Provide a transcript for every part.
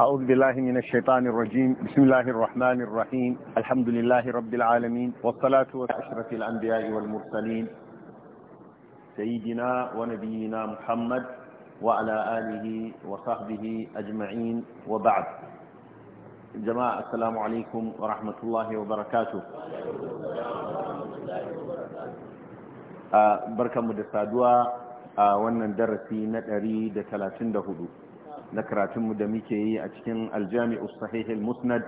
أعوذ بالله من الشيطان الرجيم بسم الله الرحمن الرحيم الحمد لله رب العالمين والصلاة والسلام الأنبياء والمرسلين سيدنا ونبينا محمد وعلى آله وصحبه أجمعين وبعد جماعة السلام عليكم ورحمة الله وبركاته آه، بركة مدسادوة wannan darasi na دهدو na karatunmu da muke yi a cikin aljami'u sahihil musnad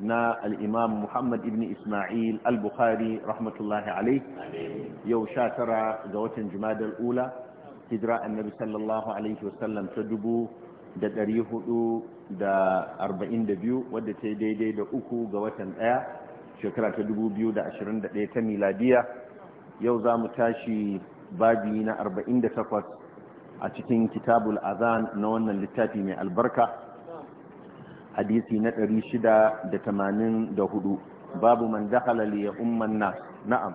na al'imam muhammad ibn ismail al-bukhari rahmatullahi alaih yau sha tara ga watan jumadar ula hijira annabi sallallahu alaihi wasallam ta dubu da ɗari hudu da arba'in da biyu wadda ta daidai da uku ga watan ɗaya shekara ta dubu biyu da ashirin da ɗaya ta miladiya yau za mu tashi babi na arba'in da takwas a cikin kitabul azan na wannan littafi mai albarka hadisi na 684 babu man dakhala li umman nas na'am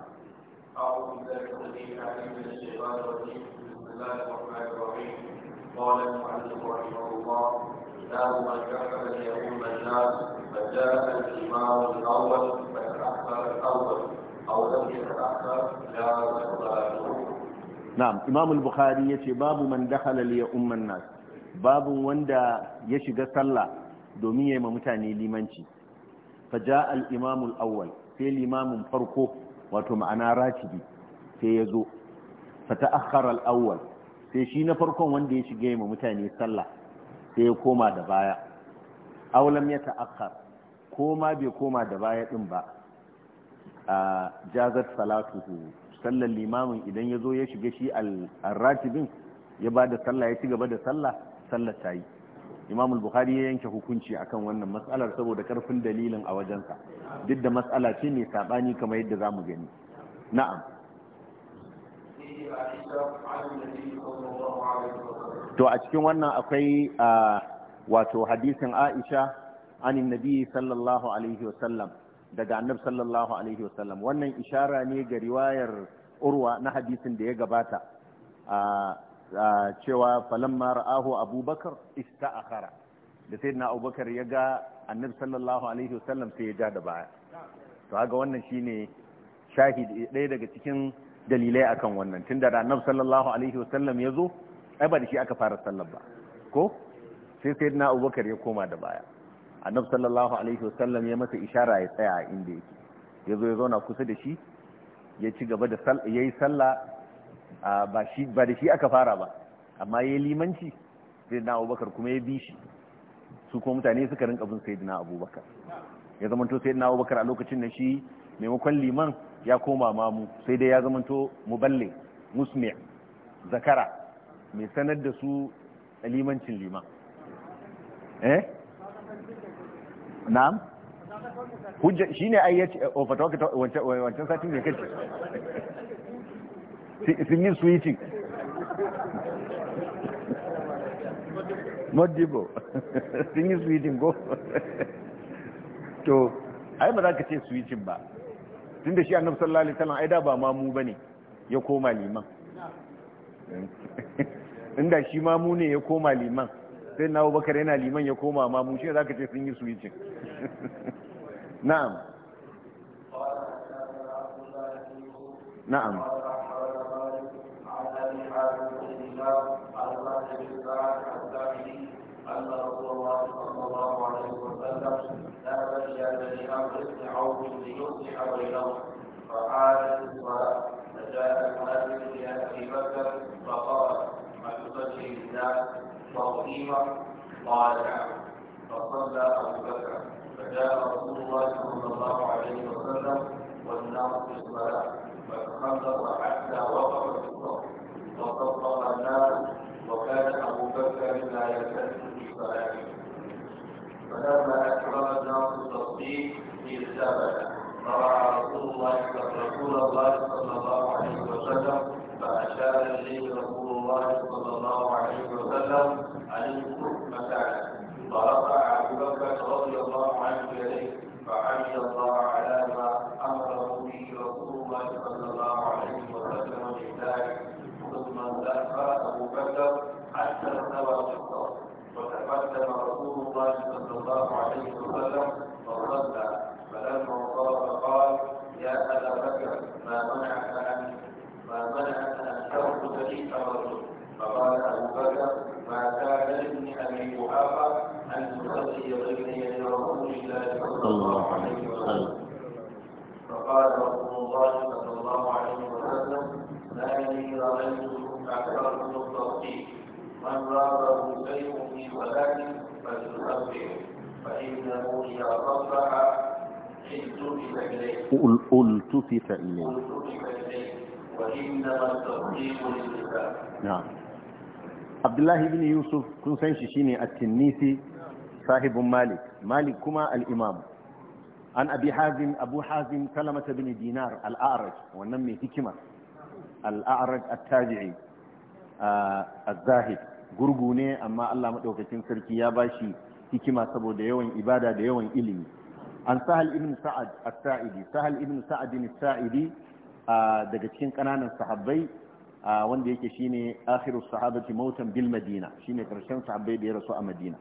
قال لم يتاخر لا تقبل na'am imam al-bukhari yace babu man dakhala li nas babu wanda ya shiga sallah domin yayi ma mutane limanci faja al-imam al-awwal sai limamin farko wato ma'ana ratibi sai yazo fata'akhkhara al-awwal sai shi na farkon wanda ya shiga ma mutane sallah sai ya koma da baya aw lam yata'akhkhar koma bai koma da baya din ba a jazat salatuhu sallar limamin idan ya zo ya shiga shi al-ratibin ya ba da sallah ya ci gaba da sallah sallar ta yi imamul bukhari ya yanke hukunci akan wannan matsalar saboda karfin dalilin a wajensa duk da matsala ce mai saɓani kamar yadda za mu gani na'am to a cikin wannan akwai wato hadisin aisha anin nabi sallallahu alaihi wasallam daga annab sallallahu alaihi wasallam wannan ishara ne ga riwayar urwa na hadisin da ya gabata a cewa falamma ra'ahu abubakar ista'akhara da na abubakar ya ga annab sallallahu alaihi wasallam sai ya ja da baya to haka wannan shine shahid ɗaya daga cikin dalilai akan wannan tunda da annab sallallahu alaihi wasallam ya zo ai ba da shi aka fara sallar ba ko sai sayyidina abubakar ya koma da baya annabi sallallahu alaihi wasallam ya masa ishara ya tsaya a inda yake ya zo ya zauna kusa da shi ya ci gaba da ya yi sallah ba da shi aka fara ba amma ya yi limanci sai na abubakar kuma ya bi shi su kuma mutane suka rinka bin sai na abubakar ya zamanto sai na abubakar a lokacin da shi maimakon liman ya koma mamu sai dai ya zamanto muballe musmi zakara mai sanar da su limancin liman eh na'am hujja shine ai yace oh, fatawa ka wancan wancan satin ne kace su yi switching modibo sun yi switching ko to ai ba za ka ce switching ba tunda shi annabi sallallahu alaihi wasallam ai da ba mamu bane ya koma liman inda shi mamu ne ya koma liman sai na abubakar yana liman ya koma ma mu shi za ka ce sun yi switching na'am na'am فقال فجاء وقديما طالعا فصلى ابو بكر فجاء رسول الله صلى الله عليه وسلم والناس في الصلاه فتخلص حتى وقف في الصف وصفق الناس وكان ابو بكر لا يلتزم في صلاته فلما اكرم الناس التصديق اجتمع فرعى رسول الله صلى الله عليه وسلم فأشار إليه رسول الله صلى الله عليه وسلم أن يكف مكانه فرفع أبو بكر رضي الله عنه إليه فحمد الله على ما أمره به رسول الله صلى الله عليه وسلم من ذلك فإنه إذا التفت إليه وإنما نعم عبد الله بن يوسف كن سان شي التنيسي صاحب مالك مالك كما الإمام عن أبي حازم أبو حازم سلمة بن دينار الأعرج والنمي هكمة الأعرج التابعي آه، الزاهد gurgu أما الله Allah سركي يا باشي hikima saboda yawan ibada da yawan ilimi an sahal ibn sa'ad as-sa'idi sahal ibn sa'ad as-sa'idi daga cikin kananan sahabbai wanda yake shine akhiru sahabati mautan bil madina shine karshen sahabbai da ya rasu a madina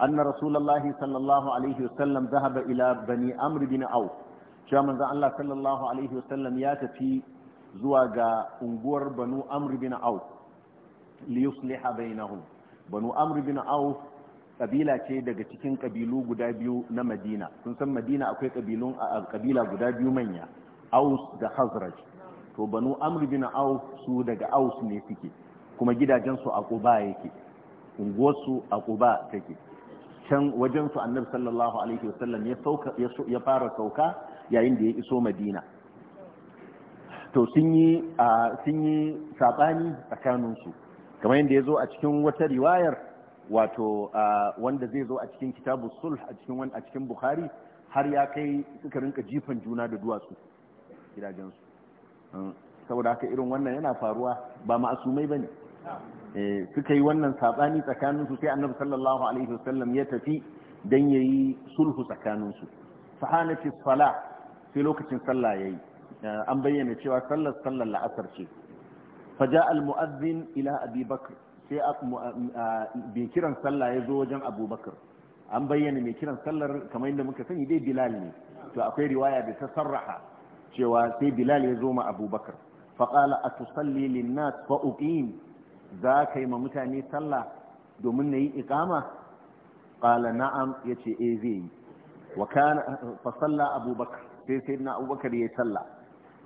anna rasulullahi sallallahu alaihi wasallam zahaba ila bani amr bin auf cewa manzon Allah sallallahu alaihi wasallam ya tafi zuwa ga unguwar banu amr bin auf li yusliha bainahum banu amr bin auf kabila ce daga cikin kabilu guda biyu na madina sun san madina akwai kabilun kabila guda biyu manya aus da hazraj to banu amr bin aus su daga aus ne suke kuma gidajensu a quba yake unguwarsu a quba take can wajensu annabi sallallahu alaihi wasallam ya ya fara sauka yayin da ya iso madina to sun yi sun yi sabani tsakaninsu kamar yadda ya zo a cikin wata riwayar wato wanda zai zo a cikin kitabu sulh a cikin wani a cikin bukhari har ya kai suka rinka jifan juna da duwatsu gidajensu hmm. saboda haka irin wannan yana faruwa ba ma'asumai ne eh, suka yi wannan saɓani tsakaninsu sai annabi sallallahu alaihi wasallam ya tafi dan yayi sulhu tsakaninsu fahanati sala sai lokacin sallah yayi eh, an bayyana cewa sallar sallar la'asar ce faja al mu'azzin ila abi bakr sai bai kiran sallah ya zo wajen abubakar an bayyana mai kiran sallar kamar yadda muka sani dai bilal ne to akwai riwaya da ta sarraha cewa sai bilal ya zo ma abubakar faƙala a salli linnas fa'uƙin za ka yi ma mutane sallah domin na yi iƙama ƙala na'am ya ce e zai yi fasalla abubakar sai sai na abubakar ya yi sallah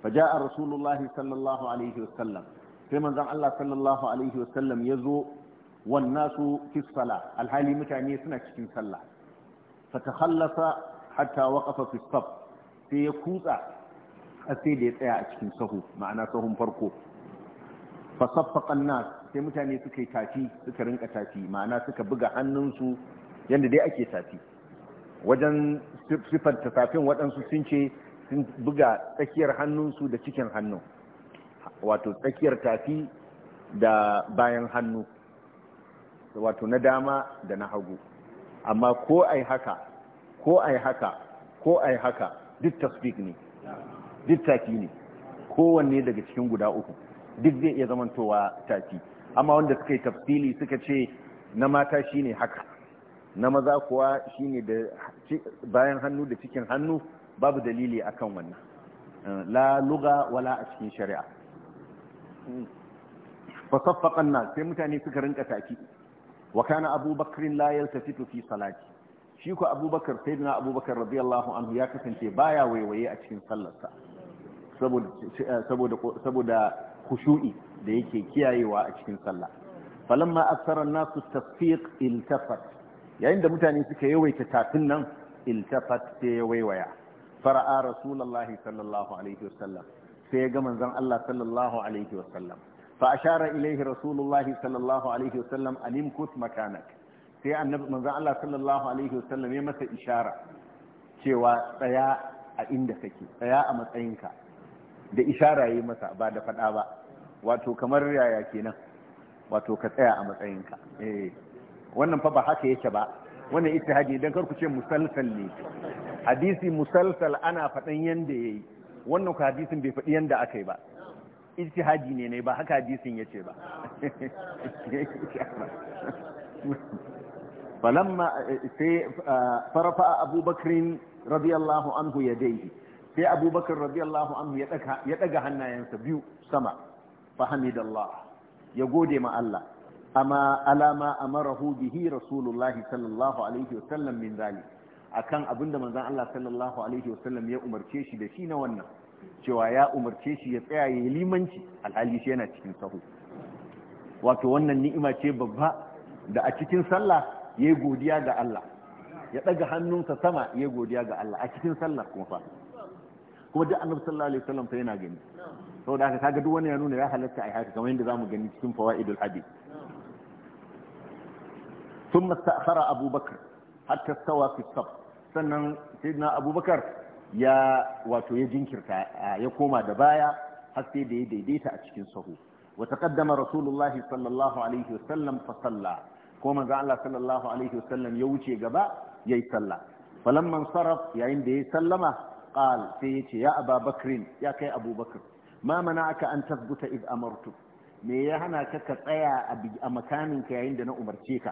faja a rasulullahi sallallahu alaihi wasallam sai manzon Allah sallallahu alaihi wasallam ya zo wannasu nasu fi sala alhali mutane suna cikin sallah fa takhallasa hatta waqafa fi saf sai ya kutsa sai da ya tsaya a cikin sahu ma'ana sahun farko fa saffaqa nas sai mutane suka yi tafi suka rinka tafi ma'ana suka buga hannunsu yanda dai ake tafi wajen sifar tafafin waɗansu sun ce sun buga tsakiyar hannunsu da cikin hannun wato tsakiyar tafi da bayan hannu wato na dama da na hagu amma ko ai haka ko ai haka ko ai haka duk tasbik ne duk tafi ne kowanne daga cikin guda uku duk zai iya zamantowa tafi amma wanda suka yi tafsili suka ce na mata shine haka na maza kuwa shine da bayan hannu da cikin hannu babu dalili akan wannan eh, la luga wala a cikin shari'a fa na sai mutane suka rinka taki wa kana abubakar la yaltafitu fi salati shi ko abubakar sayyidina abubakar radiyallahu anhu ya kasance baya waiwaye a cikin sallarsa saboda saboda saboda khushu'i da yake kiyayewa a cikin sallah falamma aksara an-nasu tasfiq iltafat yayin da mutane suka yawaita tafin nan iltafat sai ya waiwaya fara'a rasulullahi sallallahu alaihi wasallam sai ya ga manzon Allah sallallahu alaihi wasallam fa ashara ilaihi rasulullahi sallallahu alaihi wasallam alim kus makanak sai annabi manzon Allah sallallahu alaihi wasallam ya masa ishara cewa tsaya a inda kake tsaya a matsayinka da ishara yayi masa ba da fada ba wato kamar yaya kenan wato ka tsaya a matsayinka eh wannan fa ba haka yake ba wannan ittihadi dan kar ku ce musalsal ne hadisi musalsal ana fadan yanda yayi wannan hadisin bai faɗi yanda aka yi ba ijtihadi ne ne ba haka hadisin yace ba falamma sai eh, farafa abubakrin radiyallahu anhu yadayhi sai abubakar radiyallahu anhu ya daga hannayensa biyu sama fahamidallah ya gode ma Allah amma alama amarahu bihi rasulullahi sallallahu alaihi wasallam min zalik akan abin da manzon Allah sallallahu alaihi wasallam ya umarce shi da shi na wannan cewa ya umarce shi ya tsaya ya yi limanci alhali shi yana cikin sahu wato wannan ni'ima ce babba da a cikin sallah ya yi godiya ga Allah ya ɗaga hannunsa sama ya yi godiya ga Allah a cikin sallah kuma fa kuma duk annabi sallallahu alaihi wasallam fa yana gani saboda haka kaga duk wani ya nuna ya halatta ai haka kamar yadda zamu gani cikin fawaidul hadith ثم استأخر أبو بكر حتى استوى في الصف sannan sayyidina abubakar ya wato ya jinkirta ya koma da baya har sai da ya daidaita a cikin sahu wa taqaddama rasulullahi sallallahu alaihi wasallam fa salla ko manzo Allah sallallahu alaihi wasallam ya wuce gaba yayi sallah falamman sarraf yayin da ya sallama qal sai ya ce ya ababakrin ya kai abubakar ma aka an tasbuta id amartu me ya hana ka ka tsaya a makamin ka yayin da na umarce ka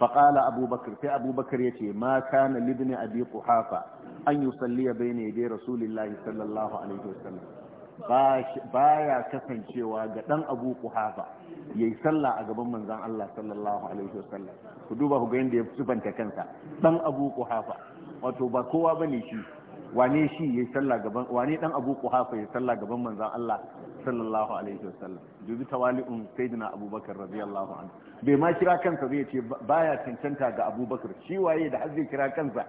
فقال أبو بكر في أبو بكر يتي ما كان لابن أبي قحافة أن يصلي بين يدي رسول الله صلى الله عليه وسلم baya kasancewa ga ɗan Abu Quhafa yayi sallah a gaban manzan Allah sallallahu alaihi wasallam ku duba ku ga yadda ya sufanta kansa ɗan Abu Quhafa wato ba kowa bane shi wane shi yayi sallah gaban wane ɗan Abu Quhafa yayi sallah gaban manzan Allah sallallahu alaihi wasallam dubi tawali'un sayyidina abubakar radiyallahu anhu bai ma kira kansa zai ce baya cancanta ga abubakar shi waye da har zai kira kansa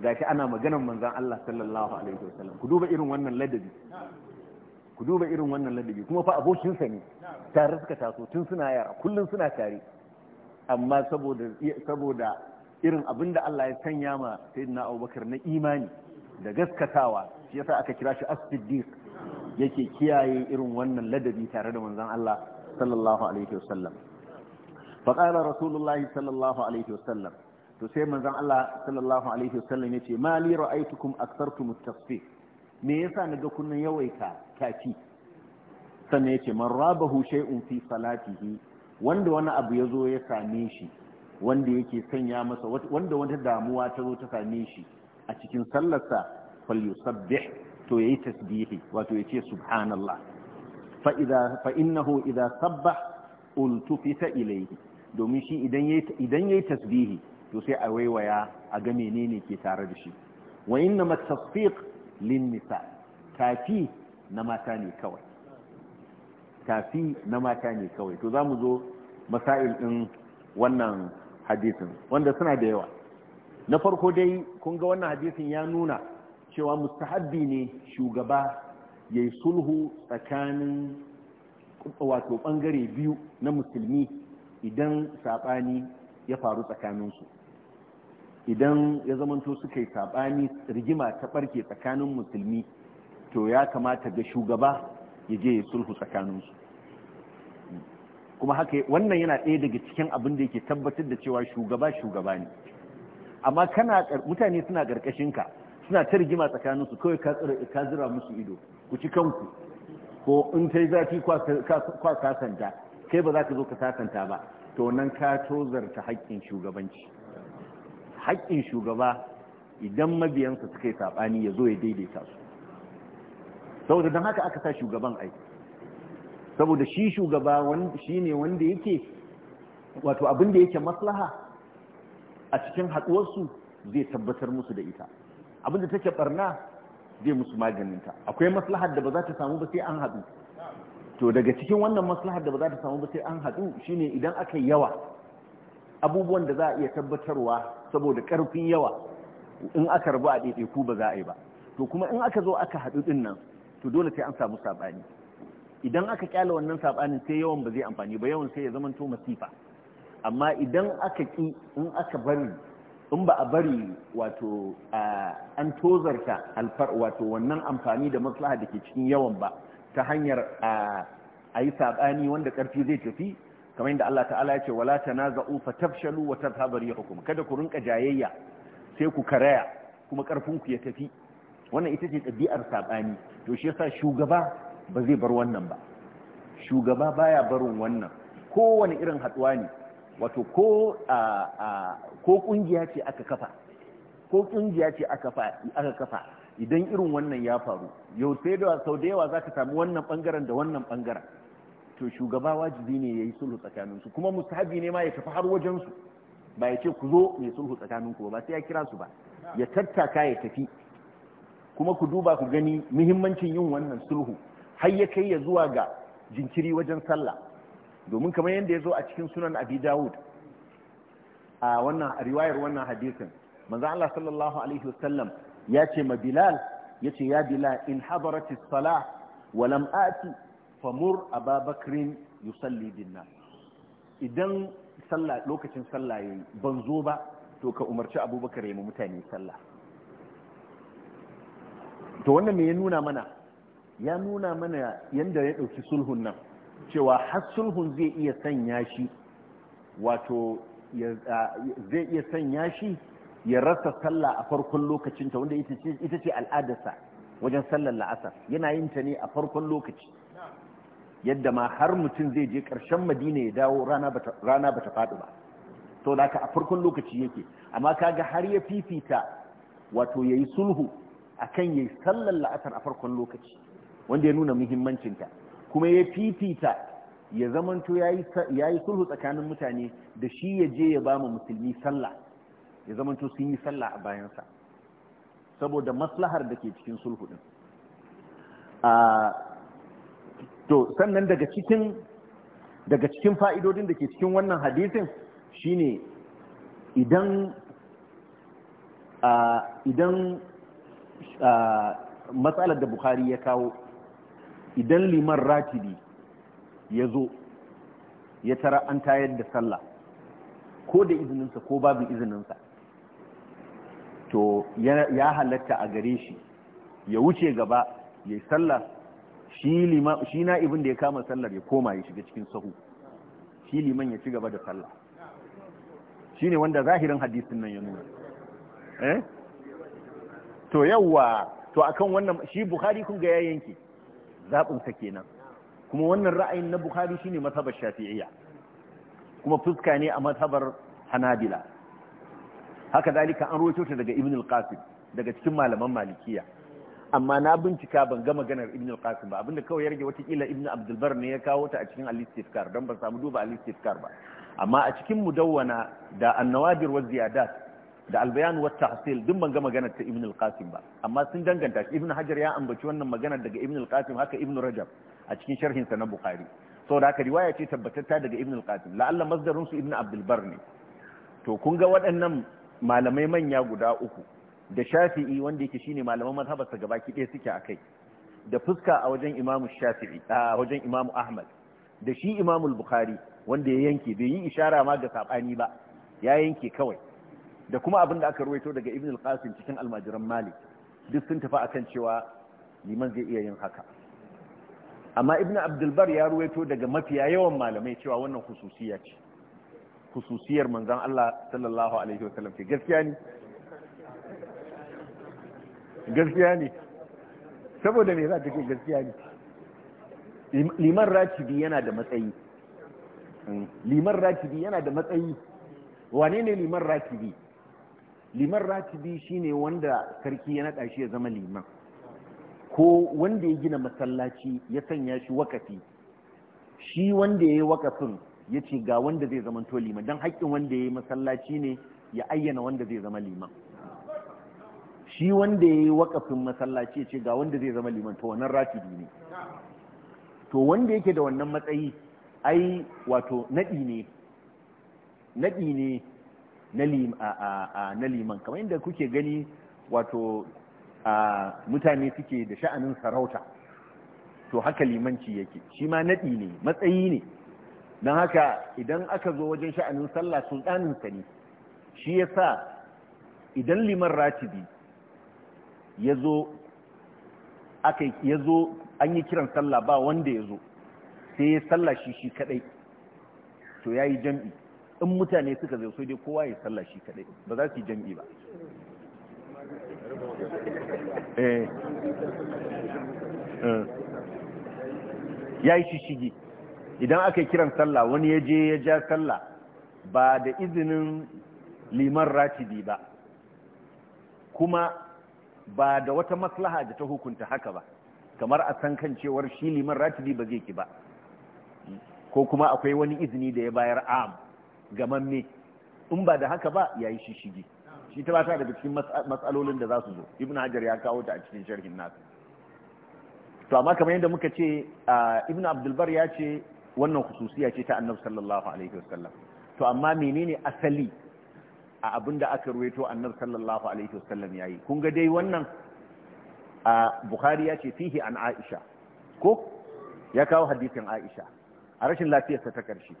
gashi ana maganar manzon Allah sallallahu alaihi wasallam ku duba irin wannan ladabi ku duba irin wannan ladabi kuma fa abokinsa ne tare suka taso tun suna yara kullun suna tare amma saboda saboda irin abin da Allah ya sanya ma sayyidina abubakar na imani da gaskatawa shi yasa aka kira shi as-siddiq yake kiyaye irin wannan ladabi tare da manzon Allah sallallahu alaihi wasallam fa qala rasulullahi sallallahu alaihi wasallam to sai manzon Allah sallallahu alaihi wasallam yace ma li ra'aytukum akthartum at-tasfih me yasa naga kunnan yawaita kaki? sannan yace man rabahu shay'un fi salatihi wanda wani abu yazo ya same shi wanda yake sanya masa wanda wata damuwa ta zo ta same shi a cikin sallarsa falyusabbih to yayi tasbihi wato yace subhanallah fa idza fa innahu idza sabbah ultufita ilayhi domin shi idan yayi idan yayi tasbihi to sai a waiwaya a ga menene ke tare da shi wa inna matasfiq lin nisa na mata ne kawai na mata ne kawai to zamu zo masail din wannan hadisin wanda suna da yawa na farko dai kun ga wannan hadisin ya nuna cewa mustahabbi ne shugaba ya yi sulhu tsakanin wato bangare biyu na musulmi idan saɓani ya faru tsakaninsu idan ya zamanto suka yi saɓani rigima ta ɓarke tsakanin musulmi to ya kamata ga shugaba ya je ya sulhu tsakaninsu kuma haka wannan yana ɗaya daga cikin abin da yake tabbatar da cewa shugaba shugaba ne amma kana mutane suna ƙarƙashinka suna ta rigima tsakaninsu kawai ka zira musu ido ku ci kanku ko in ta yi zafi kwa sasanta kai ba za ka zo ka sasanta ba to nan ka tozarta haƙƙin shugabanci haƙƙin shugaba idan mabiyansa suka yi saɓani ya zo ya daidaita su saboda don haka aka sa shugaban aiki saboda shi shugaba shi ne wanda yake wato abinda yake maslaha a cikin haɗuwarsu zai tabbatar musu da ita abinda take barna zai musu maganinta akwai maslahar da ba za ta samu ba sai an haɗu to daga cikin wannan maslahar da ba za ta samu ba sai an haɗu shine idan aka yawa abubuwan da za a iya tabbatarwa saboda ƙarfin yawa in aka rabu a ɗaiɗaiku ba za a yi ba to kuma in aka zo aka haɗu ɗin nan to dole sai an samu saɓani idan aka ƙyale wannan saɓanin sai yawan ba zai amfani ba yawan sai ya zamanto masifa amma idan aka ƙi in aka bari in ba a bari wato an tozarta alfar wato wannan amfani da maslaha da ke cikin yawan ba ta hanyar a yi saɓani wanda ƙarfi zai tafi kamar yadda Allah ta'ala ya ce wala tanaza'u tafshalu wa tadhhabu rihukum kada ku rinka jayayya sai ku karaya kuma ƙarfin ku ya tafi wannan ita ce ɗabi'ar saɓani to shi yasa shugaba ba zai bar wannan ba shugaba baya barin wannan kowane irin haɗuwa ne wato ko ko kungiya ce aka kafa ko kungiya ce aka kafa idan irin wannan ya faru yau sai da sau da yawa zaka samu wannan bangaren da wannan bangaren to shugaba wajibi ne yayi sulhu tsakanin su kuma musahabi ne ma ya tafi har wajen su ba ya ce ku zo mai sulhu tsakanin ku ba sai ya kira su ba ya tattaka ya tafi kuma ku duba ku gani muhimmancin yin wannan sulhu har ya kai ya zuwa ga jinkiri wajen sallah domin kamar yadda ya zo a cikin sunan abi dawud a wannan riwayar wannan hadisin manzo Allah sallallahu alaihi wasallam ya ce ma bilal ya ce ya bilal in hadaratis salah wa lam ati famur ababakrin yusalli dinna. idan sallah lokacin sallah yayi ban zo ba to ka umarci abubakar ya mu mutane sallah to wannan me ya nuna mana ya nuna mana yadda ya dauki sulhun nan cewa har sulhun zai iya sanya shi wato zai iya sanya shi ya rasa sallah a farkon lokacinta wanda ita ce al'adarsa wajen sallar la'asar yana yin ta ne a farkon lokaci yadda ma har mutum zai je ƙarshen madina ya dawo rana bata faɗi ba to da ka a farkon lokaci yake amma kaga har ya fifita wato ya yi sulhu a kan ya yi sallar la'asar a farkon lokaci wanda ya nuna muhimmancinta kuma ya fifita ya zamanto ya yi sulhu tsakanin mutane da shi ya je ya ba mu musulmi sallah ya zamanto sun yi sallah a bayansa saboda maslahar da ke cikin sulhu din to sannan daga cikin daga cikin fa'idodin da ke cikin wannan hadisin shine idan idan matsalar da Buhari ya kawo idan liman ratibi ya zo ya tara an tayar da sallah ko da izininsa ko babu izininsa to ya halatta a gare shi ya wuce gaba ya yi sallah shi na ibin da ya kama sallar ya koma ya shiga cikin sahu shi liman ya ci gaba da sallah shi ne wanda zahirin hadisin nan ya nuna eh to yawwa to akan wannan shi Buhari kun ga ya yanke zaɓinsa kenan kuma wannan ra'ayin na bukhari shine mazhabar shafi'iyya kuma fuska ne a mazhabar hanabila haka zalika an rawaito ta daga ibn al-qasim daga cikin malaman malikiya amma na bincika ban ga maganar ibn al-qasim ba abinda kawai ya rage watakila ibn abdul bar ne ya kawo ta a cikin al-istifkar don ba samu duba al-istifkar ba amma a cikin mudawwana da an-nawadir wa ziyadat da albayan wa tahsil duk ban ga magana ta ibn al-qasim ba amma sun danganta shi ibn hajar ya ambaci wannan magana daga ibn al-qasim haka ibn rajab a cikin sharhin sa na bukhari da haka riwaya ce tabbatatta daga ibn al-qasim la'alla masdarun su ibn abdul bar ne to kun ga waɗannan malamai manya guda uku da shafi'i wanda yake shine malaman mazhabar sa gabaki ɗaya suke akai da fuska a wajen imamu shafi'i a wajen imamu ahmad da shi imamu bukhari wanda ya yanke bai yi ishara ma ga sabani ba ya yanke kawai da kuma abin da aka ruwaito daga ibn al-qasim cikin almajiran malik duk sun tafi akan cewa liman zai iya yin haka amma ibn abdulbar ya ruwaito daga mafiya yawan malamai cewa wannan hususiya ce hususiyar manzan Allah sallallahu alaihi wasallam ce gaskiya ne gaskiya ne saboda me za ta ce gaskiya ne liman ratibi yana da matsayi liman ratibi yana da matsayi wane ne liman ratibi liman ratibi shine wanda sarki ya naɗa shi ya zama liman ko wanda ya gina masallaci ya sanya shi wakafi shi wanda ya yi wakafin ya ce ga wanda zai zama to liman don haƙƙin wanda ya yi masallaci ne ya ayyana wanda zai zama liman shi wanda ya yi wakafin masallaci ya ce ga wanda zai zama liman to wannan ratibi ne to wanda yake da wannan matsayi ai wato naɗi ne naɗi ne na liman kamar yadda kuke gani wato mutane suke da sha'anin sarauta to haka limanci yake shi ma naɗi ne matsayi ne don haka idan aka zo wajen sha'anin sallah sultaninsa ne shi ya sa idan liman ratibi ya zo an yi kiran sallah ba wanda ya zo sai ya sallah shi shi kadai to ya yi jam'i in mutane suka zo sai dai kowa ya sallah shi kadai ba za su yi jam'i ba eh. Eh. ya yi shigi idan aka yi kiran sallah wani ya je ya ja sallah ba da izinin liman ratibi ba kuma ba da wata maslaha da ta hukunta haka ba kamar a san kan cewar shi liman ratibi ba zai ki ba ko kuma akwai wani izini da ya bayar am gamamme in ba da haka ba ya yi shishigi shi ta bata daga cikin matsalolin da za su zo ibn hajar ya kawo ta a cikin sharhin nasu to amma kamar yadda muka ce ibn abdulbar ya ce wannan hususiya ce ta annabi sallallahu alaihi wasallam to amma menene asali a abin da aka ruwaito annabi sallallahu alaihi wasallam yayi kun ga dai wannan bukhari ya ce fihi an aisha ko ya kawo hadisin aisha a rashin lafiyarsa ta karshe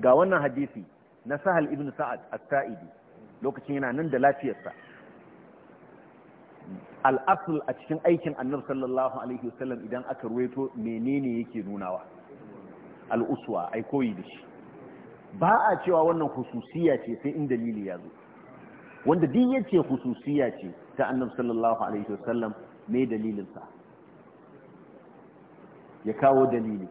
ga wannan hadisi na sahal ibn sa'ad as-sa'idi lokacin yana nan da lafiyarsa al'asul a cikin aikin annabi sallallahu alaihi wasallam idan aka ruwaito menene yake nunawa al'uswa ai koyi da shi ba a cewa wannan hususiya ce sai in dalili ya zo wanda din yace hususiya ce ta annabi sallallahu alaihi wasallam me dalilin ya kawo dalili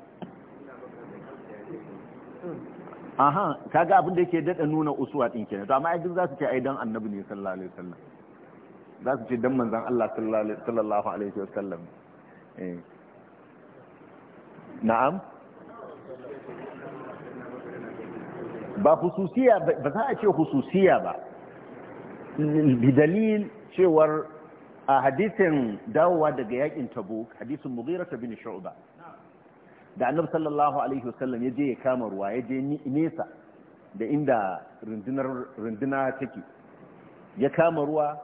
aha kaga abin da yake dada nuna usuwa din kenan to amma ai duk za su ce ai dan annabi ne sallallahu alaihi wasallam za su ce dan manzon Allah sallallahu alaihi wasallam eh na'am ba hususiya ba za a ce hususiya ba bidalil cewar a hadisin dawowa daga yakin tabuk hadisin mughirah bin shu'ba da annabi sallallahu alaihi wasallam ya je ya kama ruwa ya je nesa da inda runduna take ya kama ruwa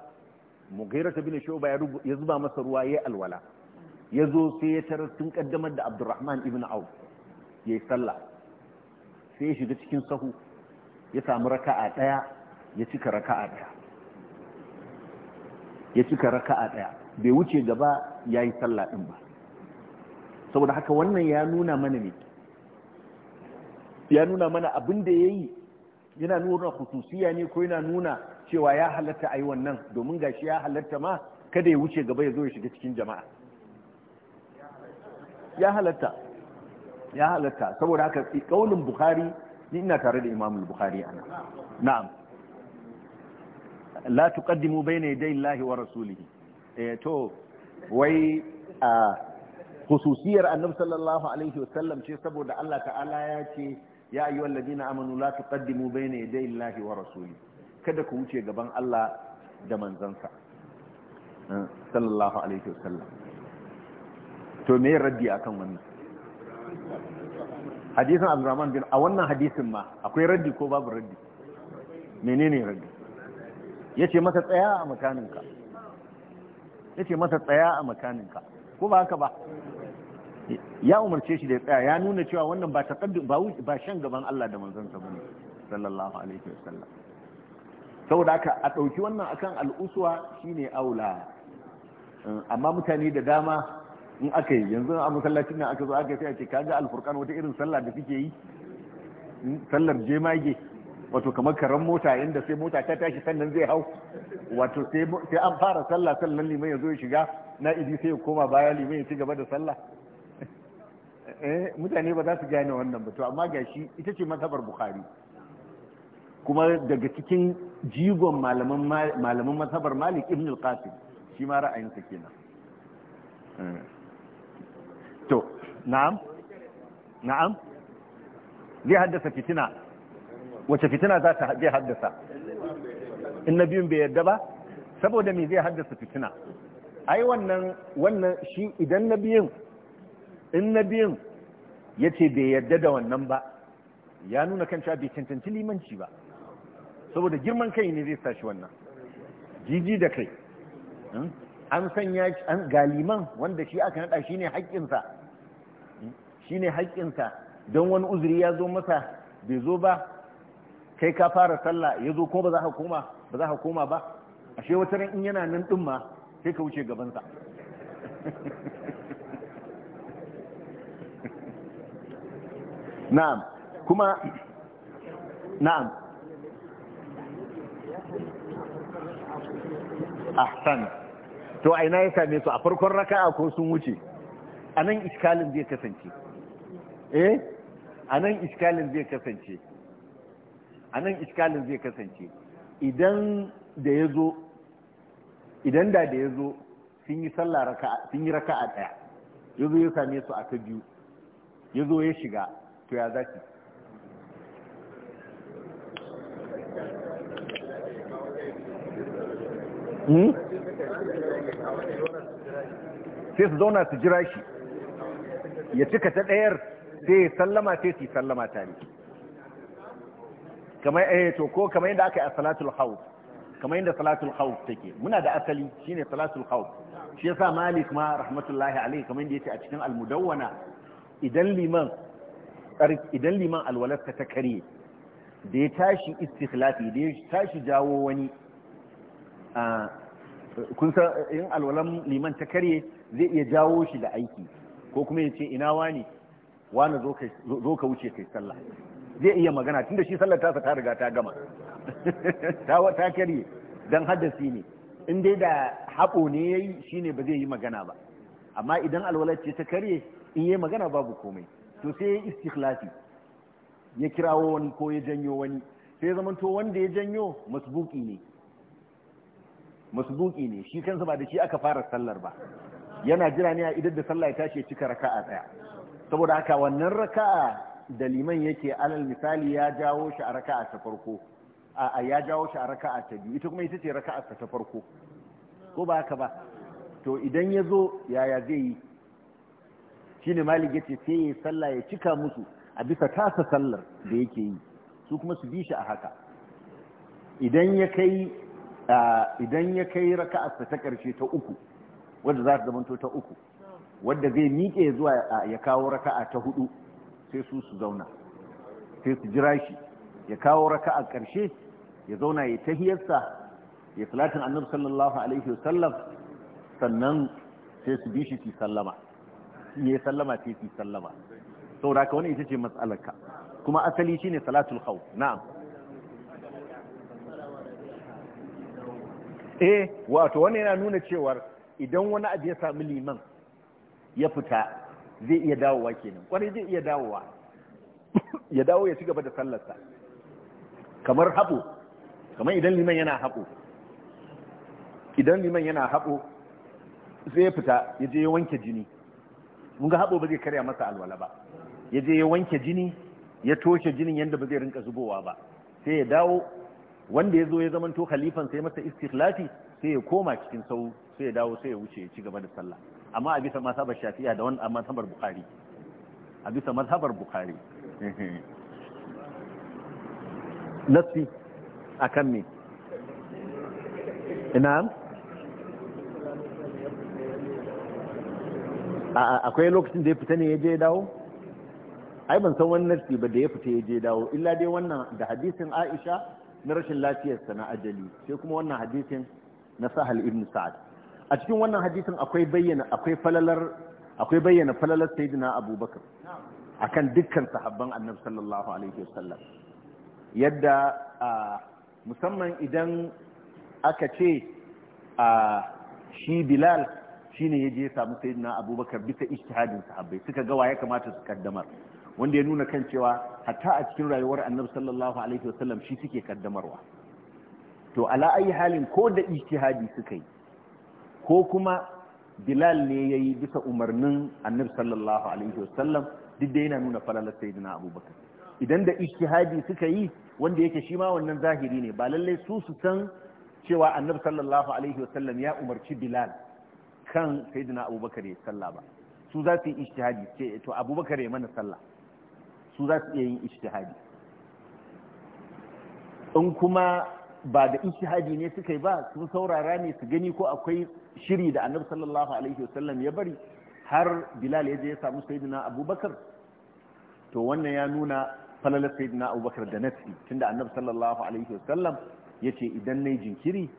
mugaira ta bin shoba ya zuba masa ruwa ya alwala ya zo sai ya tarar sun kaddamar da abdurrahman ibn A'u ya yi sallah sai ya shiga cikin sahu ya samu raka'a daya ya cika raka'a daya ya cika raka'a daya bai wuce gaba ya yi sallah din ba saboda haka wannan ya nuna mana ne ya nuna mana abin da ya yi yana nuna hususiya ne ko yana nuna cewa ya halatta a yi wannan domin gashi ya halatta ma kada ya wuce gaba ya zo ya shiga cikin jama'a ya halatta ya halatta saboda haka kaulin bukhari ni ina tare da imamul bukhari ana na'am la tuqaddimu bayna yaday illahi wa rasulihi eh to wai a ah, khususiyar annabi sallallahu alaihi wasallam ce saboda Allah ta'ala ya ce ya ayyuhal ladina amanu la tuqaddimu bayna yaday Allahi wa rasuli kada ku wuce gaban Allah da manzansa sallallahu alaihi wasallam to me ya raddi akan wannan hadisin Abdurrahman bin a wannan hadisin ma akwai raddi ko babu raddi menene raddi yace masa tsaya a makaninka yace masa tsaya a makaninka ko ba haka ba ya umarce shi da tsaya ya nuna cewa wannan ba taqaddum ba ba shan gaban Allah da manzon sa bane sallallahu alaihi wasallam saboda haka a dauki wannan akan al'uswa shine aula eh, amma mutane da dama in aka yi yanzu a masallacin nan aka zo aka sai a ce kaga alfurqan wata irin sallah da kike yi hmm, sallar jemage wato kamar karan mota inda sai mota ta tashi sannan zai hau wato sai an fara sallah sallan liman ya zo ya shiga na idi sai ya koma baya liman ya ci gaba da sallah Eh, mutane ba za su gane wannan ba to amma gashi ita ce mazhabar bukhari kuma daga cikin jigon malaman malaman mazhabar malik ibn al-qasim shi ma ra'ayin sa kenan eh. to na'am na'am zai haddasa fitina wace fitina za ta zai haddasa in biyun bai yarda ba saboda me zai haddasa fitina ai wannan wannan shi idan na biyun in na biyun ya ce bai yarda da wannan ba ya nuna kan cewa bai cancanci limanci ba saboda girman kai ne zai sashi wannan jiji da kai hmm? an sanya an galiman wanda shi aka nada shi ne haƙƙinsa hmm? shi haƙƙinsa don wani uzuri ya zo masa bai zo ba kai ka fara sallah ya zo ko ba za ka koma ba za ka koma ashe wata ran in yana nan din ma sai ka wuce gabansa na'am kuma na'am ahsan to a ina ya same su a farkon raka'a ko sun wuce a nan iskalin zai kasance eh a nan iskalin zai kasance a nan iskalin zai kasance idan da ya zo idan da da ya zo sun yi sallah raka, sun yi raka a daya ya zo ya same su a ta biyu ya zo ya shiga to ya zaki hmm? sai su zauna su jira shi ya cika ta ɗayar sai ya sallama sai su yi sallama tare kamar eh to ko kamar yadda aka yi a salatul haus kamar yadda salatul haus take muna da asali shine salatul haus shi ya sa malik ma rahmatullahi alaihi kamar yadda ce a cikin almudawwana idan liman idan liman alwalarsa ta karye da ya tashi istikhlafi da ya tashi jawo wani kun san in alwalan liman ta karye zai iya jawo shi da aiki ko kuma ya ce ina wani wani zo ka wuce kai sallah zai iya magana tunda shi sallar tasa ta riga ta gama ta karye don haddasi ne in dai da haɓo ne ya yi shi ne ba zai yi magana ba amma idan alwalar ce ta karye in yi magana babu komai to sai ya istikhlafi ya kirawo wani ko ya janyo wani sai zamanto wanda ya janyo masbuki ne masbuki ne shi kansa ba da shi aka fara sallar ba yana jira ne a idar da sallar ya tashi ya cika raka'a daya saboda haka wannan raka'a da liman yake alal misali ya jawo shi a raka'a ta farko a ya jawo shi a raka'a ta biyu ita kuma ita ce raka'a ta farko ko ba haka ba to idan ya zo yaya zai yi shine malik yace sai ya sallah ya cika musu a bisa kasa sallar da yake yi su kuma su bi shi a haka idan ya kai idan ya kai ta karshe ta uku wanda za ta zamanto ta uku wanda zai miƙe zuwa ya kawo raka'a ta hudu sai su su zauna sai su jira shi ya kawo raka'a karshe ya zauna ya tahiyarsa ya salatin annabi sallallahu alaihi wasallam sannan sai su bi shi ki sallama ya sallama ce ki sallama da ka wani ita ce matsalarka kuma asali shine salatul khawf na'am eh wato wannan yana nuna cewar idan wani abu ya sami liman ya fita zai iya dawowa kenan kwarai zai iya dawowa ya dawo ya ci gaba da sallarsa kamar haɓo kamar idan liman yana haɓo idan liman yana haɓo zai fita ya je ya wanke jini mun ga haɓo ba zai karya masa alwala ba ya je ya wanke jini ya toshe jinin yadda ba zai rinka zubowa ba sai ya dawo wanda ya zo ya zamanto khalifan sai masa istikhlafi sai ya koma cikin sau sai ya dawo sai ya wuce ya ci gaba da sallah amma a bisa mazhabar shafi'a da wani amma mazhabar bukhari a bisa mazhabar bukhari nasi akan me ina. akwai lokacin da ya fita ne ya je dawo ai ban san wani nasi ba da ya fita ya je dawo illa dai wannan da hadisin aisha na rashin lafiyar na ajali sai kuma wannan hadisin na sahal ibn sa'ad a cikin wannan hadisin akwai bayyana falalar akwai bayyana falalar sayyidina abubakar akan dukkan sahabban annabi sallallahu alaihi wasallam yadda musamman idan aka ce shi bilal shine ya je ya samu sayyidina abubakar bisa ijtihadin sahabbai suka ga ya kamata su kaddamar wanda ya nuna kan cewa hatta a cikin rayuwar annabi sallallahu alaihi wasallam shi suke kaddamarwa to ala ayi halin ko da ijtihadi suka yi ko kuma bilal ne yayi bisa umarnin annabi sallallahu alaihi wasallam duk da yana nuna falalar sayyidina abubakar idan da ijtihadi suka yi wanda yake shi ma wannan zahiri ne ba lallai su su san cewa annabi sallallahu alaihi wasallam ya umarci bilal kan sayyidina abubakar ya sallah ba su za su yi ijtihadi ce to abubakar ya mana sallah su za su iya yin ijtihadi in kuma ba da ijtihadi ne suka yi ba sun saurara ne su gani ko akwai shiri da annabi sallallahu alaihi wasallam ya bari har bilal ya je ya samu sayyidina abubakar to wannan ya nuna falalar sayyidina abubakar da nafsi tunda annabi sallallahu alaihi wasallam yace idan nayi jinkiri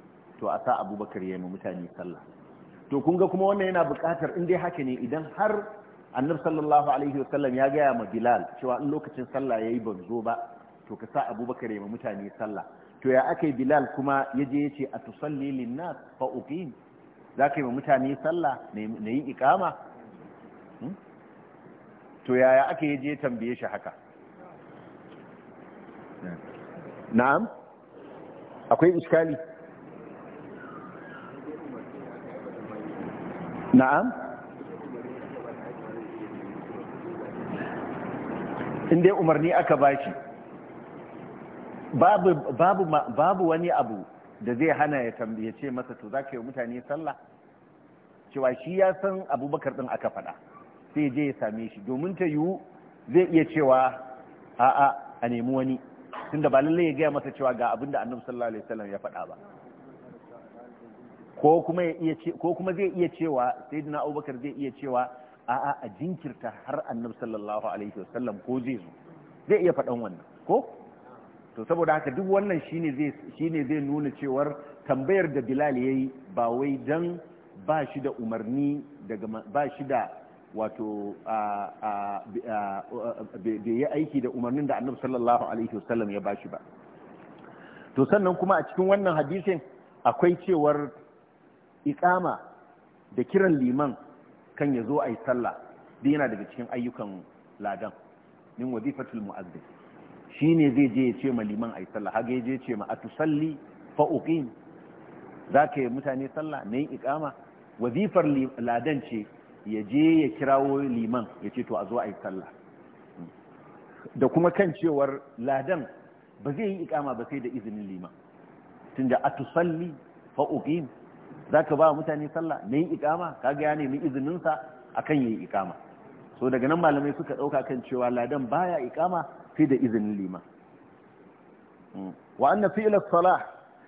to a sa abubakar ya yi mutane sallah to kun ga kuma wannan yana buƙatar in dai haka ne idan har annabi sallallahu alaihi wasallam ya gaya ma bilal cewa in lokacin sallah ya yi ban zo ba to ka sa abubakar ya mutane sallah to ya aka yi bilal kuma ya je ya ce a tusalli linnas fa uqim za ka yi ma mutane sallah na yi ikama hmm? to yaya aka yi je tambaye shi haka na'am akwai iskali na'am in dai umarni aka bashi babu babu babu wani abu da zai hana ya tambaye ce masa to zaka yi mutane sallah cewa shi ya san abubakar din aka faɗa sai je ya same shi domin ta yiwu zai iya cewa a'a a nemi wani tunda ba lallai ya gaya masa cewa ga abin da annabi sallallahu alaihi wasallam ya faɗa ba ko kuma zai iya cewa sayyidina Abubakar zai iya cewa a'a a jinkirta har annabi sallallahu alaihi wasallam ko zai zo zai iya faɗan wannan ko to saboda haka duk wannan shine zai zai nuna cewar tambayar da Bilal yayi ba wai dan ba shi da umarni daga ba shi da wato da ya aiki da umarnin da annabi sallallahu alaihi wasallam ya bashi ba to sannan kuma a cikin wannan hadisin akwai cewar Iƙama da kiran liman kan ya zo a yi sallah da yana daga cikin ayyukan ladan min wazifatul mu'azzin shine zai je ya ce ma liman a yi sallah haga ya je ya ce ma atusalli fa uqim zaka yi mutane sallah yi iƙama, wazifar ladan ce ya je ya kirawo liman ya ce to a zo a yi sallah da kuma kan cewar ladan ba zai yi ikama ba sai da izinin liman tunda atusalli fa uqim za ka ba mutane sallah na yin ikama kaga ya nemi izininsa a kan yi ikama so daga nan malamai suka ɗauka kan cewa ladan baya ikama fi da izinin liman hmm. Wa'annan anna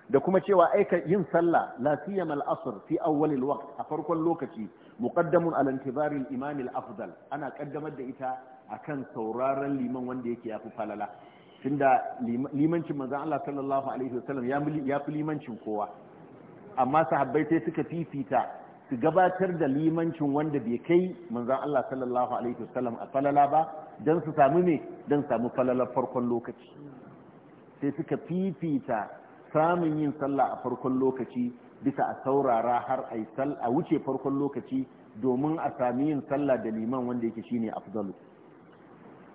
da kuma cewa aika yin sallah la siyama al fi awwal al-waqt a farkon lokaci muqaddamun ala intizari al-imam al-afdal ana kaddamar da ita akan sauraron liman wanda yake yafi falala tunda limancin manzon Allah sallallahu alaihi wasallam ya fi limancin kowa amma sahabbai sai suka fifita su gabatar da limancin wanda bai kai manzon Allah sallallahu alaihi wasallam a falala ba dan su samu me dan samu falalar farkon lokaci sai suka fifita samun yin sallah a farkon lokaci bisa a saurara har a sal a wuce farkon lokaci domin a sami yin sallah da liman wanda yake shine afdalu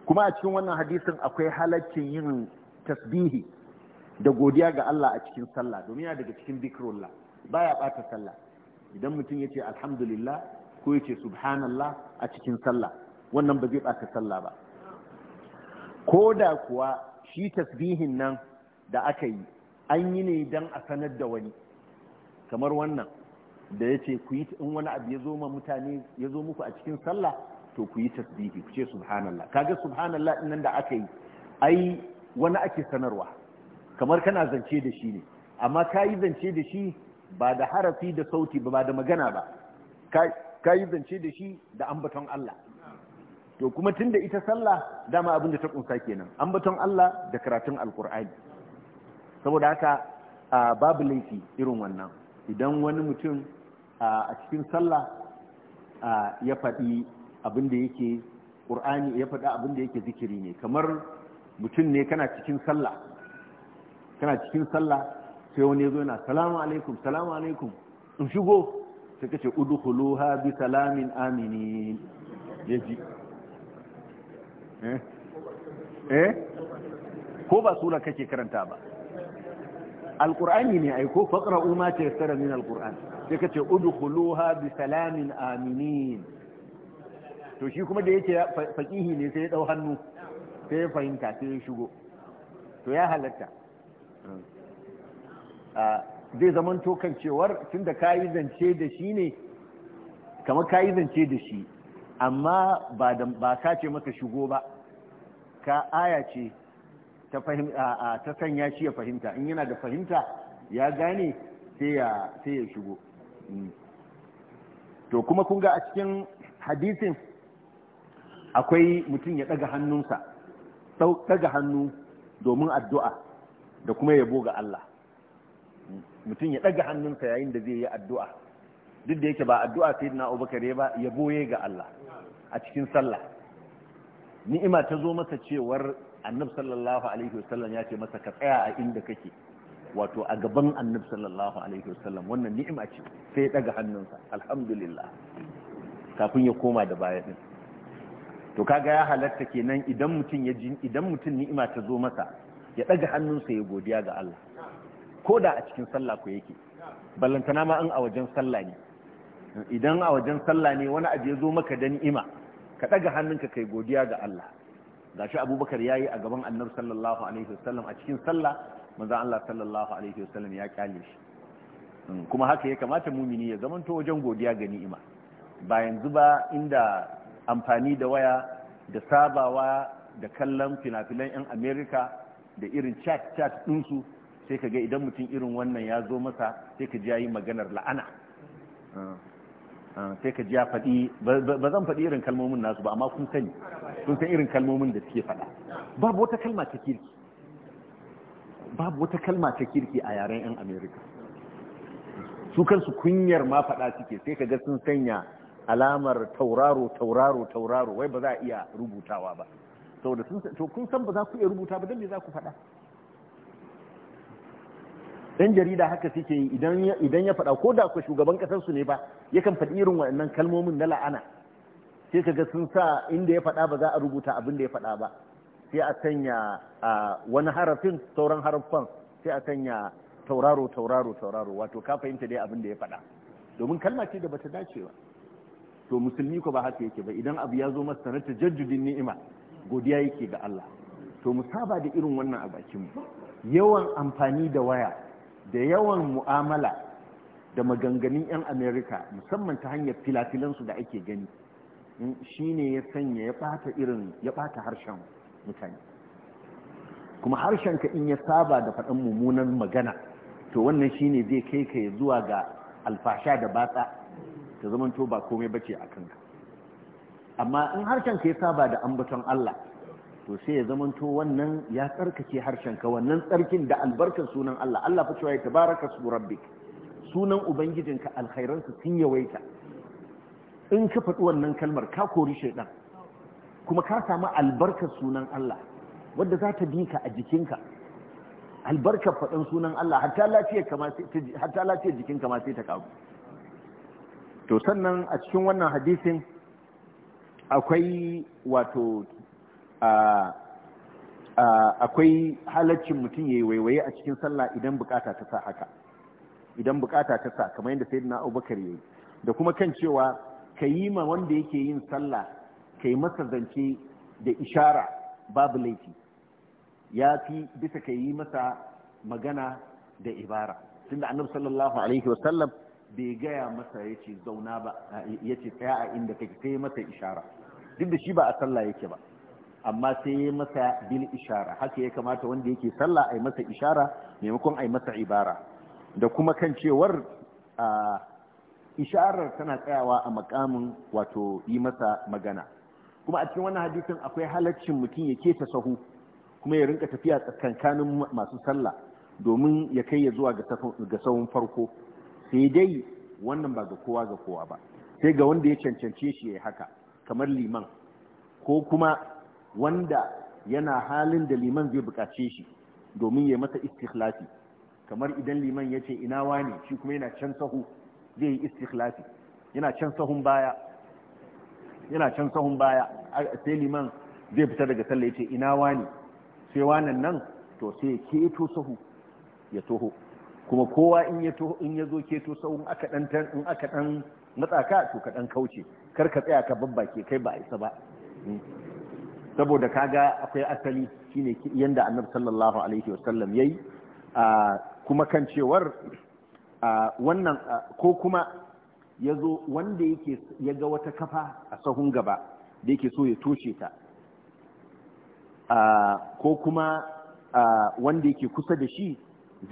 kuma a cikin wannan hadisin akwai halaccin yin tasbihi da godiya ga Allah a cikin sallah domin yana daga cikin bikrullah baya bata sallah idan mutum yace alhamdulillah ko yace subhanallah a cikin sallah wannan ba zai bata sallah ba ko da kuwa shi tasbihin nan da aka yi an yi ne dan a sanar da wani kamar wannan da yace ku yi in wani abu ya zo ma mutane ya zo muku a cikin sallah to ku yi tasbihi ku ce subhanallah kaga subhanallah din nan da aka yi ai wani ake sanarwa kamar kana zance da shi ne amma ka yi zance da shi ba da harafi da sauti ba da magana ba ka yi zance da shi da ambaton Allah to kuma tun da ita sallah dama abin da ta kunsa kenan ambaton Allah da karatun alkur'ani saboda haka babu laifi irin wannan idan wani mutum a cikin sallah ya faɗi abin da yake ƙur'ani ya faɗa abin da yake zikiri ne kamar mutum ne kana cikin sallah kana cikin sallah sai wani ya zo yana salamu alaikum salamu alaikum in shigo sai ka ce udkhuluha bi salamin aminin yaji eh eh ko ba sura kake karanta ba alqur'ani ne ai ko umma ta yassara min alqur'an sai ka ce udkhuluha bi salamin aminin to shi kuma da yake faqihi ne sai ya dau hannu sai ya fahimta sai ya shigo to ya halatta hmm. zai zaman tokan cewar tun da ka yi zance da shi ne kama ka yi zance da shi amma ba ka ce maka shigo ba ka aya ce ta sanya shi ya fahimta in yana da fahimta ya gane sai ya shigo mm. to kuma kun ga a cikin hadisin akwai mutum ya ɗaga hannunsa ɗaga hannu domin addu'a da kuma yabo ga Allah mutum ya ɗaga hannunsa yayin da zai yi addu'a duk da yake ba addu'a sai na abubakar ya ba ya boye ga Allah a cikin sallah ni'ima ta zo masa cewar annab sallallahu alaihi wasallam ya ce masa ka tsaya a inda kake wato a gaban annab sallallahu alaihi wasallam wannan ni'ima ce sai ya ɗaga hannunsa alhamdulillah kafin ya koma da baya din to kaga ya halatta kenan idan mutum ya idan mutum ni'ima ta zo masa ya ɗaga hannunsa ya godiya ga Allah ko da a cikin sallah ku yake ballantana ma in a wajen sallah ne idan a wajen sallah ne wani abu ya zo maka dan ni'ima ka ɗaga hannunka kai godiya ga Allah gashi abubakar yayi a gaban annabi sallallahu alaihi wasallam a cikin sallah maza Allah sallallahu alaihi wasallam ya kyale shi hmm, kuma haka ya kamata mumini ya zamanto wajen godiya ga ni'ima ba yanzu ba inda amfani da waya da sabawa da kallon fina-finan 'yan amerika da irin chat-chat ɗinsu sai ka ga idan mutum irin wannan ya zo masa sai ka ji ya yi maganar la'ana ah, ah, sai ka ji ya faɗi ba zan faɗi irin kalmomin nasu ba amma kun sani kun san irin kalmomin da suke faɗa babu wata kalma ta kirki babu wata kalma ta kirki a yaren 'yan amerika su kansu kunyar ma faɗa suke sai ka ga sun sanya alamar tauraro tauraro tauraro wai ba za a iya rubutawa ba saboda kun san ba za ku iya rubuta ba don me za ku faɗa dan jarida haka suke yi idan ya faɗa ko da ku shugaban ƙasarsu ne ba yakan faɗi irin waɗannan kalmomin na la'ana sai ka ga sun sa inda ya faɗa ba za a rubuta abin da ya faɗa ba sai a sanya wani harafin sauran harafan sai a sanya tauraro tauraro tauraro wato ka fahimta dai abin da ya faɗa domin kalma ce da bata dace ba to musulmi ko ba haka yake ba idan abu ya zo masa na jajjudin ni'ima godiya yake ga Allah to mu musaba da irin wannan a bakin mu yawan amfani da waya da yawan mu'amala da maganganun 'yan amerika musamman ta hanyar filafilansu da ake gani hmm, shi ne ya sanya ya bata irin ya bata harshen mutane kuma harshenka in ya saba da faɗin mummunan magana to wannan shi ne zai kai ka zuwa ga alfasha da batsa ta zama ba komai bace a kanka amma in harshenka ya saba da ambaton Allah to sai ya to wannan ya tsarkake harshenka wannan tsarkin da albarkar sunan Allah Allah fa cewa ya tabaraka su rabbik sunan ubangijinka su sun yawaita in ka faɗi wannan kalmar ka kori shaidan kuma ka samu albarkar sunan Allah wadda za ta bi ka a jikinka albarkar faɗin sunan Allah hatta lafiyar jikinka ma sai ta kawo to sannan a cikin wannan hadisin akwai wato akwai halaccin mutum ya yi waiwaye a cikin sallah idan bukata ta sa haka idan bukata ta sa kamar yadda sai na abubakar ya yi da kuma kan cewa ka yi ma wanda yake yin sallah ka yi masa zance da ishara babu laifi ya fi bisa ka yi masa magana da ibara da annabi sallallahu alaihi wasallam bai gaya masa ya ce zauna ba ya ce tsaya a inda kake sai masa ishara duk da shi ba a sallah yake ba amma sai ya masa bil ishara haka ya kamata wanda yake sallah yi masa ishara maimakon yi masa ibara da kuma kan cewar isharar tana tsayawa a makamin wato yi masa magana kuma a cikin wannan hadisin akwai halaccin mutum ya ke ta sahu kuma ya rinka tafiya tsakankanin masu sallah domin ya kai ya zuwa ga sahun farko sai dai wannan ba ga kowa ga kowa ba sai ga wanda ya cancance shi ya yi haka kamar liman ko kuma wanda yana halin da liman zai bukace shi domin ya masa istikhlafi kamar idan liman ya ce ina wani shi kuma yana can sahu zai yi istikhlafi yana can sahun baya yana can sahun baya sai liman zai fita daga sallah ya ce ina wani sai wanan nan to sai ya keto sahu ya toho kuma kowa in ya toho in ya zo keto sahu aka dan in aka dan matsaka to ka dan kauce kar ka tsaya ka babbake kai ba isa ba hmm. saboda kaga akwai asali shine yanda annabi sallallahu alaihi wasallam yayi kuma kan cewar wannan ko kuma yazo wanda yake yaga wata kafa a sahun gaba da yake so ya toshe ta ko kuma wanda yake kusa da shi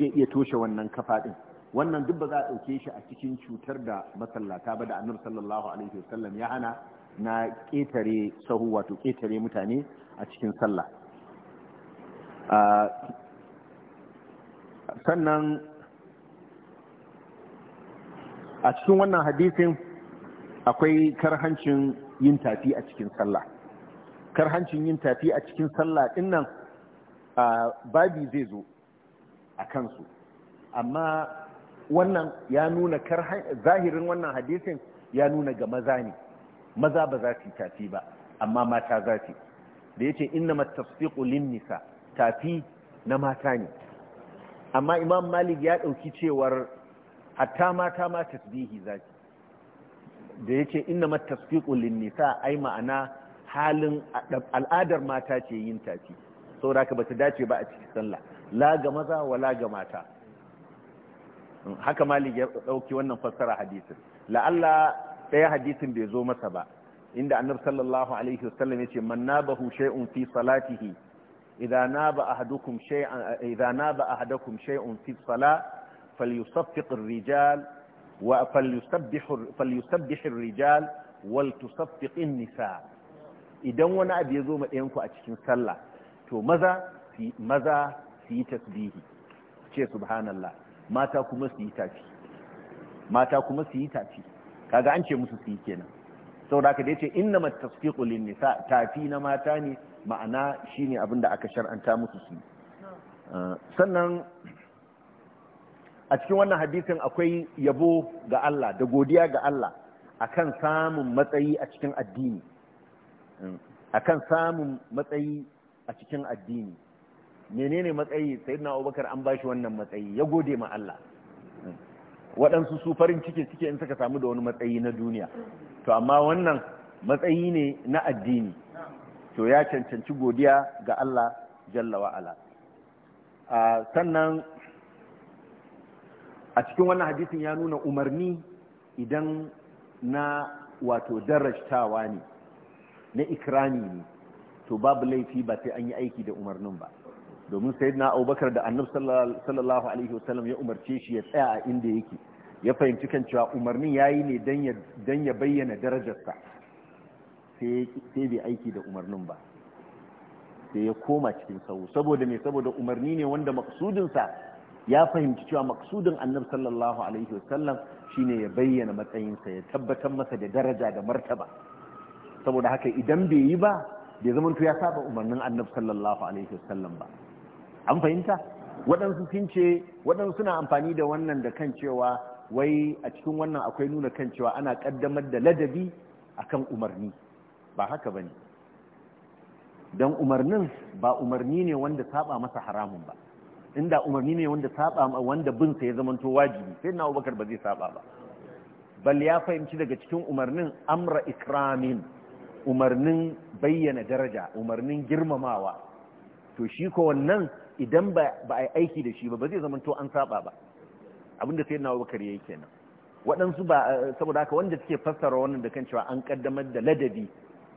zai iya toshe wannan kafa din wannan duk ba za a ɗauke shi a cikin cutar da masallata ba da annabi sallallahu alaihi wasallam ya hana na ƙetare sahu wato ƙetare mutane a cikin sallah sannan a cikin wannan hadisin akwai karhancin yin tafi a cikin sallah karhancin yin tafi a cikin sallah din nan babi zai zo a kansu amma wannan ya nuna zahirin wannan hadisin ya nuna ga maza ne maza ba za su tafi ba amma mata za su da yace inna tasfiqu lin nisa tafi na mata ne amma imam malik ya dauki cewar hatta mata ma tasbihi za su da yace inna tasfiqu lin nisa ai ma'ana halin al'adar mata ce yin tafi saboda ka ba su dace ba a cikin sallah la ga maza wala ga mata haka malik ya dauki wannan fassara hadisin la'alla ɗaya hadisin bai zo masa ba inda annab sallallahu alaihi wasallam yace man nabahu shay'un fi salatihi idza naba ahadukum shay'an idza naba ahadukum shay'un fi salat falyusaffiq ar-rijal wa falyusabbih falyusabbih ar-rijal wal tusaffiq an-nisa idan wani abu yazo ma ɗayan ku a cikin sallah to maza fi maza fi tasbihi ce subhanallah mata kuma su yi tafi mata kuma su yi tafi kaga an ce musu su kenan saboda haka da yace innamat tasfiqu lin nisa tafi na mata ne ma'ana shine abin da aka shar'anta musu su sannan a cikin wannan hadisin akwai yabo ga Allah da godiya ga Allah akan samun matsayi a cikin addini akan samun matsayi a cikin addini menene matsayi sayyidina Abubakar an bashi wannan matsayi ya gode ma Allah waɗansu su farin ciki suke in suka samu da wani matsayi na duniya to amma wannan matsayi ne na addini to ya cancanci godiya ga Allah jalla wa'ala sannan a cikin wannan hadisin ya nuna umarni idan na wato darajtawa ne na Ikirani ne to babu laifi ba sai an yi aiki da umarnin ba domin sayyidina abubakar da annab sallallahu alaihi wasallam ya umarce shi ya tsaya a inda yake ya fahimci kan cewa umarnin yi ne don ya bayyana darajarsa sai bai aiki da umarnin ba sai ya koma cikin sau saboda me saboda umarni ne wanda maksudinsa ya fahimci cewa maksudin annab sallallahu alaihi wasallam shine ya bayyana matsayinsa ya tabbatar masa da daraja da martaba saboda haka idan bai yi ba bai zama ya saba umarnin annab sallallahu alaihi wasallam ba an fahimta waɗansu sun ce waɗansu suna amfani da wannan da kan cewa wai a cikin wannan akwai nuna kan cewa ana ƙaddamar da ladabi a kan umarni ba haka bane don umarnin ba umarni ne wanda saba masa haramun ba inda umarni ne wanda saba wanda bin ya zamanto wajibi sai na Abubakar ba zai saba ba bal ya fahimci daga cikin umarnin amra ikramin umarnin bayyana daraja umarnin girmamawa to shi ko wannan idan ba a yi aiki da shi ba ba zai zama to an saba ba abinda sai na abubakar ya yi kenan waɗansu ba saboda haka wanda suke fassara wannan da kan cewa an kaddamar da ladabi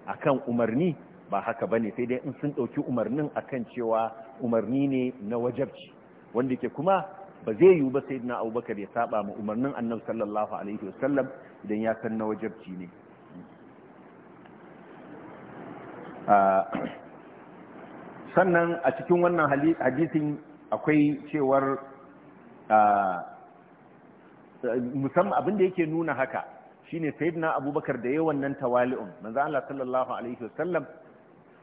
akan umarni ba haka ba ne sai dai in sun ɗauki umarnin akan cewa umarni ne na wajabci wanda ke kuma ba zai yiwu ba sayyidina abubakar ya saba ma umarnin annabi sallallahu alaihi wasallam idan ya san na wajabci ne ah, sannan a cikin wannan hadisin akwai cewar musamman abinda yake nuna haka shine sayyidina abubakar da yawan nan tawali'un manzan Allah sallallahu alaihi wasallam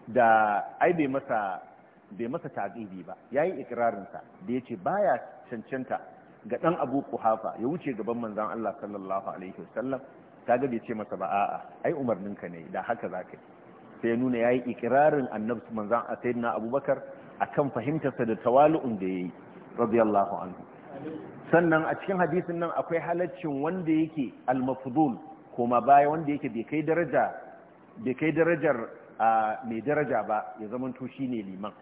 da ai bai masa bai masa ya ba ya yi sa da ya ce baya cancanta ga ɗan Abu kuhafa ya wuce gaban manzan Allah sallallahu alaihi wasallam ta bai ce masa ba a'a ai umarninka ne da haka zaka yi sai ya nuna ya yi ikirarin a manzon na abubakar a kan fahimtarsa da tawali'un da ya yayi radiyallahu anhu sannan a cikin hadisin nan akwai halaccin wanda yake almafudul mafdul koma baya wanda yake bai kai daraja bai darajar mai daraja ba ya zama to ne liman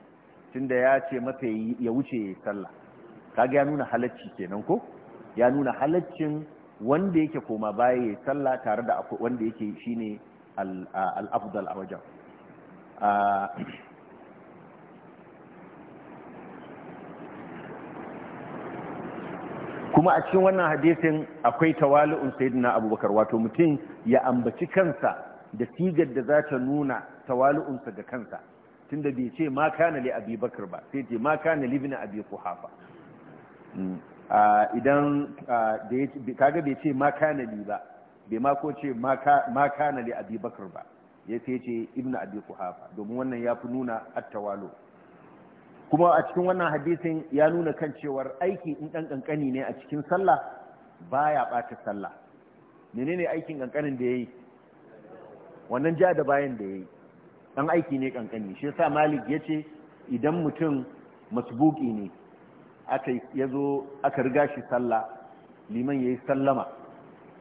tunda ya ce mata ya wuce sallah kaga ya nuna halacci kenan ko ya nuna halaccin wanda yake koma baya ya sallah tare da wanda yake shine al'afdal a wajen kuma a cikin wannan hadisin akwai tawali'un sayyidina abubakar wato mutum ya ambaci kansa da sigar da za ta nuna tawali'unsa da kansa tun da bai ce ma kana li abubakar ba sai ce ma kana li ibn abi hmm. idan kaga bai ce ma kana li ba bai ma ko ce ma kana li abi ba ya sai ce ibnu abi kuhafa domin wannan ya fi nuna attawalo kuma a cikin wannan hadisin ya nuna kan cewar aiki in ɗan kankani ne a cikin sallah ba ya bata sallah ne aikin kankanin da ya yi wannan ja da bayan da ya yi ɗan aiki ne ƙanƙani shi sa malik ce idan mutum masbuki ne aka yazo aka riga shi sallah liman ya yi sallama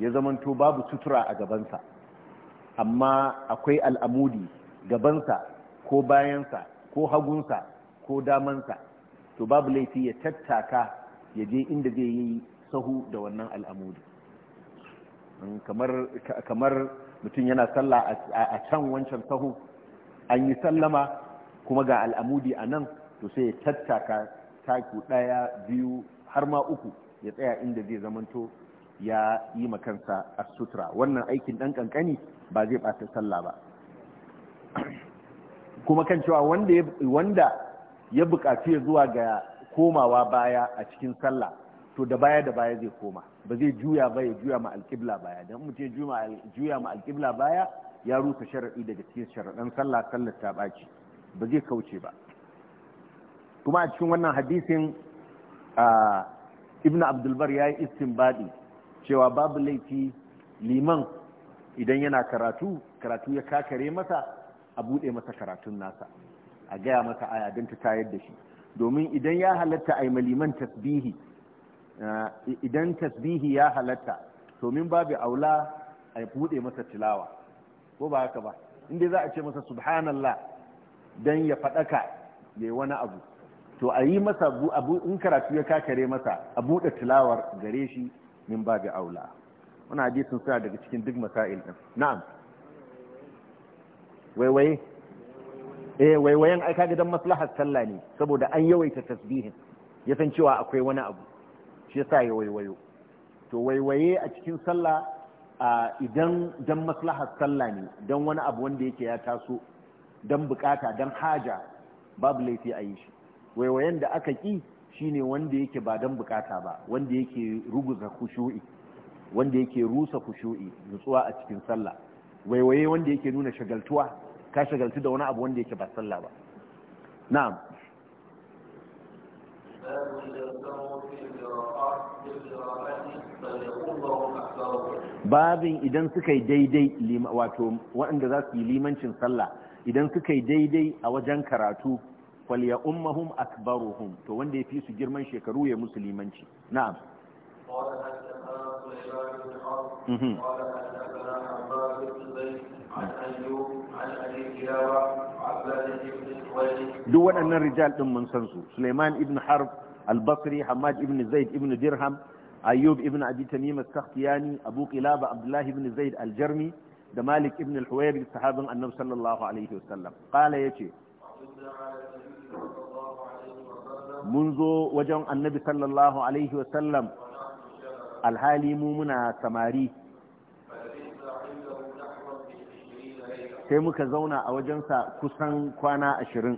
ya zamanto babu sutura a gabansa amma akwai al'amudi gabansa ko bayansa ko hagunsa ko damansa to babu laifi ya tattaka ya je inda zai yi sahu da wannan al'amudi kamar mutum yana sallah a can wancan sahu an yi sallama kuma ga al'amudi a nan to sai ya tattaka taku ɗaya biyu har ma uku ya tsaya inda zai zamanto ya yi makansa a sutura wannan aikin ɗan ƙanƙani ba zai ɓata sallah ba kuma kan cewa wanda ya buƙaci ya zuwa ga komawa baya a cikin sallah to da baya da baya zai koma ba zai juya ba ya juya ma alƙibla baya don mutum ya juya ma alƙibla baya ya rusa sharaɗi daga cikin sharaɗan sallah sallar ta ɓaci ba zai kauce ba kuma a cikin wannan hadisin ibn abdulbar ya yi istinbadi cewa babu laifi liman idan yana karatu karatu ya kakare masa a bude masa karatun nasa a gaya masa aya don ta tayar da shi domin idan ya halatta a maliman tasbihi eh, idan tasbihi ya halatta to min babu aula a bude masa tilawa ko ba haka ba inda za a ce masa subhanallah don ya faɗaka ya yi wani abu to a yi masa in karatu ya kakare masa a bude tilawar gare shi min babi aula wani hadisin suna daga cikin duk masail din na'am waiwaye eh waiwayen ai kaga dan maslahar sallah ne saboda an yawaita tasbihin ya san cewa akwai wani abu shi yasa ya waiwayo to waiwaye a cikin sallah idan dan maslahar sallah ne dan wani abu wanda yake ya taso dan bukata dan haja babu laifi a yi shi waiwayen da aka ki shine wanda yake ba don bukata ba wanda yake ruguza kushu'i wanda yake rusa kushu'i nutsuwa a cikin sallah waiwaye wanda yake nuna shagaltuwa ka shagaltu da wani abu wanda yake ba sallah ba na'am babin idan suka yi daidai wato waɗanda za su yi limancin sallah idan suka yi daidai a wajen karatu falya ummahum akbaruhum to wanda ya fi su girman shekaru ya musulmanci na'am duk waɗannan rijal ɗin mun san su suleiman ibn harb al-basri hamad ibn zaid ibn dirham ayyub ibn abi tamim as-sakhtiyani abu qilaba abdullah ibn zaid al-jarmi da malik ibn al-huwairi sahabin annabi sallallahu alaihi wasallam qala yace mun zo wajen annabi sallallahu alaihi wasallam alhali mu muna samari sai muka zauna a wajensa kusan kwana ashirin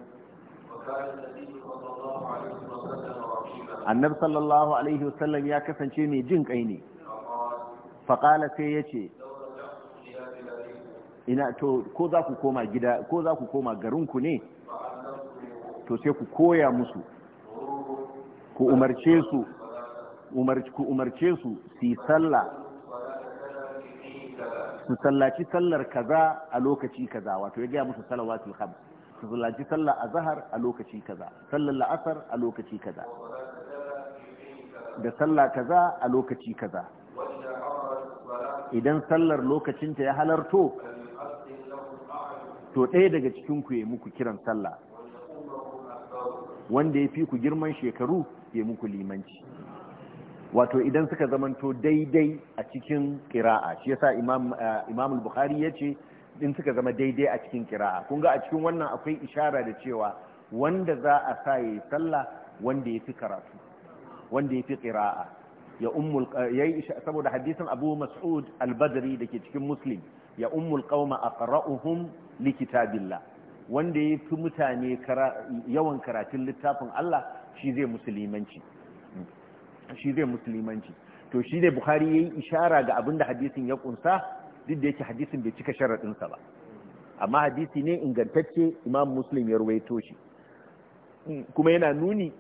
annabi sallallahu alaihi wasallam ya kasance mai jin kai ne faƙala sai ya ce ina to ko za ku koma gida ko za ku koma garinku ne to sai ku koya musu ku umarce su ku umarce su su salla sallah su sallaci sallar kaza a lokaci kaza wato ya gaya musu salawatul khams su sallaci sallar azhar a lokaci kaza sallar la'asar a lokaci kaza da sallah kaza a lokaci kaza idan sallar lokacinta ya halarto to ɗaya daga cikin ku ya muku kiran sallah wanda ya fi ku girman shekaru suke muku limanci wato idan suka zamanto daidai a cikin kira'a shi yasa imam eh, imam al-bukhari yace din suka zama daidai a cikin kira'a kun ga a cikin wannan akwai ishara da cewa wanda za a sa yayi sallah wanda yafi karatu wanda yafi kira'a ya ummul eh, yayi saboda hadisin Abu Mas'ud al-Badri ke cikin Muslim ya ummul qauma likita billa wanda yafi mutane yawan karatun littafin Allah shi zai musulmanci to shi ne buhari ya yi ishara ga abinda hadisin ya kunsa duk da yake hadisin bai cika sharaɗinsa ba amma hadisi ne ingantacce imam muslim ya ruwaito shi kuma yana nuni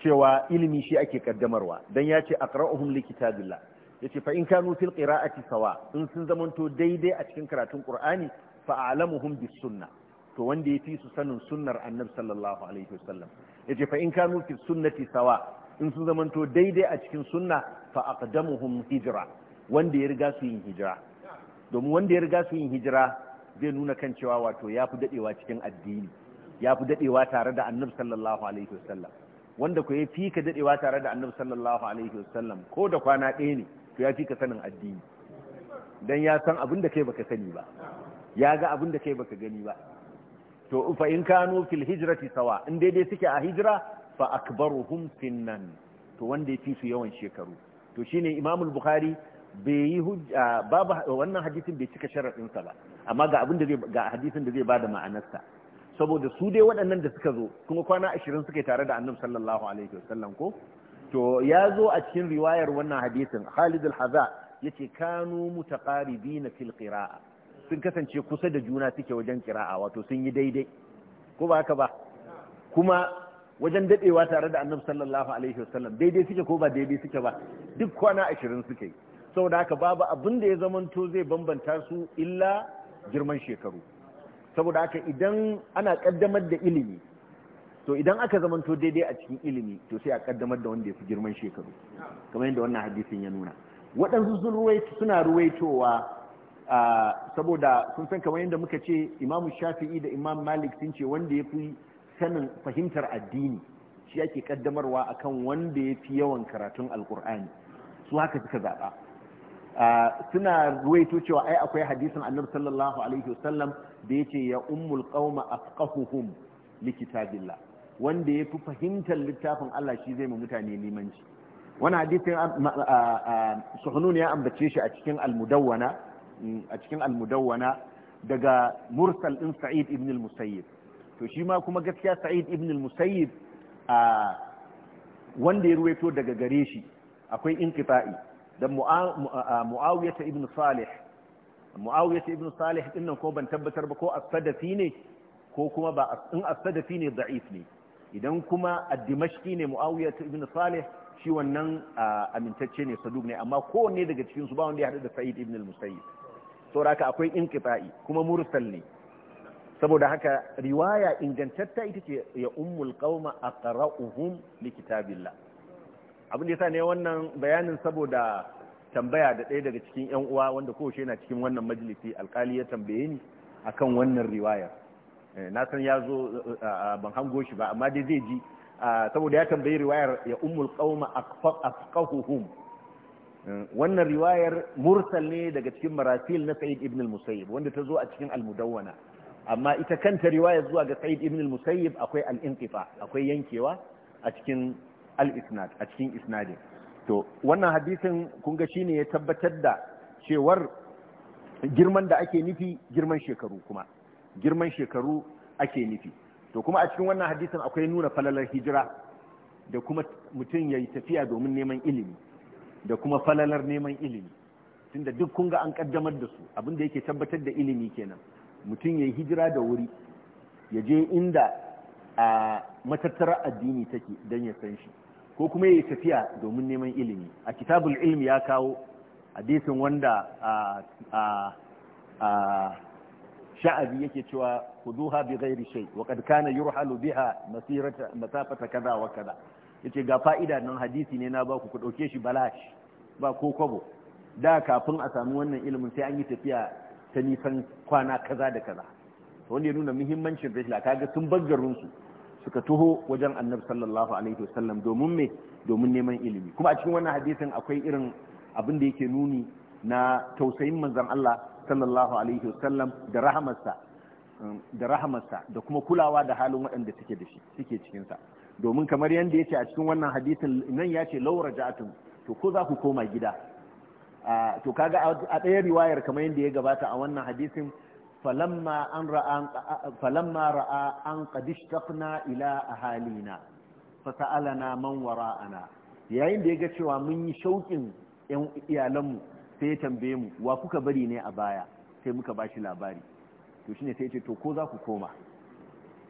cewa ilimi shi ake kaddamarwa don ya ce likita li kitabillah ce fa in kanu fil qira'ati sawa in sun zamanto daidai a cikin karatun ƙur'ani fa a'lamuhum bis sunnah to wanda ya fi su sanin sunnar annabi sallallahu alaihi wasallam yace fa in kanu fi sunnati sawa in sun zamanto daidai a cikin sunna fa aqdamuhum hijra wanda ya riga su yin hijira domin wanda ya riga su yin hijira zai nuna kan cewa wato ya fi dadewa cikin addini ya fi dadewa tare da annabi sallallahu alaihi wasallam wanda ku ya fi ka dadewa tare da annabi sallallahu alaihi wasallam ko da kwana ɗaya ne to ya fi ka sanin addini dan ya san abin da kai baka sani ba ya ga abin da kai baka gani ba to fa in kanu fil hijrati sawa in daidai suke a hijira fa akbaruhum sinnan to wanda ya fi su yawan shekaru to shine imam al-bukhari bai yi babu wannan hadisin bai cika sharadin sa ba amma ga abin da zai ga hadisin da zai bada ma'anarsa saboda su dai waɗannan da suka zo kuma kwana 20 suke tare da annabi sallallahu alaihi wasallam ko to ya zo a cikin riwayar wannan hadisin Khalid al Kano yace kanu mutaqaribina fil qira'a sun kasance kusa da juna suke wajen kira'a wato sun yi daidai ko ba haka ba kuma wajen daɗewa tare da annabi sallallahu alaihi wasallam daidai suke ko ba daidai suke ba duk kwana ashirin suke yi saboda haka babu abin da ya zamanto zai bambanta su illa girman shekaru saboda haka idan ana kaddamar da ilimi to idan aka zamanto daidai a cikin ilimi to sai a kaddamar da wanda ya fi girman shekaru kamar yadda wannan hadisin ya nuna waɗansu sun suna ruwaitowa saboda sun san kamar yadda muka ce imamu shafi'i da imam malik sun ce wanda ya fi sanin fahimtar addini shi ake kaddamarwa akan wanda ya fi yawan karatun alkur'ani su haka suka zaɓa suna ruwaito cewa ai akwai hadisin annabi sallallahu alaihi wasallam da yace ya ummul qauma afqahuhum li kitabillah wanda ya fi fahimtar littafin Allah shi zai ma mutane limanci wani hadisin suhunun ya ambace shi a cikin almudawwana a cikin almudawwana daga mursal din sa'id ibn al-musayyib to shi ma kuma gaskiya sa'id ibn al-musayyib a wanda ya ruwaito daga gare shi akwai inqita'i da muawiyah ibn salih muawiyah ibn salih din nan ko ban tabbatar ba ko as-sadafi ne ko kuma ba in as-sadafi ne da'if ne idan kuma ad-dimashqi ne muawiyah ibn salih shi wannan amintacce ne saduk ne amma kowanne daga cikin su ba wanda ya hadu da sa'id ibn al-musayyib sauraka akwai inqita'i kuma mursal ne saboda haka riwaya ingantatta ita ce ya ummul qauma aqra'uhum li kitabillah abin da yasa ne wannan bayanin saboda tambaya da ɗaya daga cikin yan uwa wanda kowace yana cikin wannan majalisi alkali ya tambaye ni akan wannan riwayar eh, na san ya zo ban hango shi ba amma dai zai ji ah, saboda ya tambayi riwayar ya ummul qauma aqfaquhum wannan riwayar mursal ne daga cikin marasil na sa'id ibn al-musayyib wanda ta zo a cikin al-mudawwana amma ita kanta riwayar zuwa ga sa'id ibn al-musayyib akwai al akwai yankewa a cikin al a cikin isnadin to wannan hadisin kun ga shine ya tabbatar da cewar girman da ake nufi girman shekaru kuma girman shekaru ake nufi to kuma a cikin wannan hadisin akwai nuna falalar hijira da kuma mutum ya yi tafiya domin neman ilimi da kuma falalar neman ilimi tunda duk kun ga an kaddamar da su abin da yake tabbatar da ilimi kenan mutum ya yi hijira da wuri ya je inda a matattarar addini take don ya san shi ko kuma ya yi tafiya domin neman ilimi a kitabul ilmi ya kawo hadisin wanda a sha'abi yake cewa kuduha bi ghairi shay wa qad kana yurhalu biha masirata masafata kaza wa kaza yace ga fa'ida nan hadisi ne na ba ku ku dauke shi balash ba ko kwabo da kafin a samu wannan ilimin sai an yi tafiya ta nisan kwana kaza da kaza wanda ya nuna muhimmancin rihla kaga sun baggarun su suka tuho wajen annabi sallallahu alaihi wasallam domin me domin neman ilimi kuma a cikin wannan hadisin akwai irin abin da yake nuni na tausayin manzon Allah sallallahu alaihi wasallam da rahamarsa da rahamarsa da kuma kulawa da halin waɗanda suke da shi suke cikin sa domin kamar yadda ya ce a cikin wannan hadisin nan ya ce laura ja'atun to ko za ku koma gida to kaga a ɗaya riwayar kamar yadda ya gabata a wannan hadisin falamma an ra'a falamma ra'a an qad ishtaqna ila ahalina fa sa'alana man wara'ana yayin da ya ga cewa mun yi shauƙin yan iyalanmu sai ya tambaye mu wa kuka bari ne a baya sai muka bashi labari to shine sai ya ce to ko za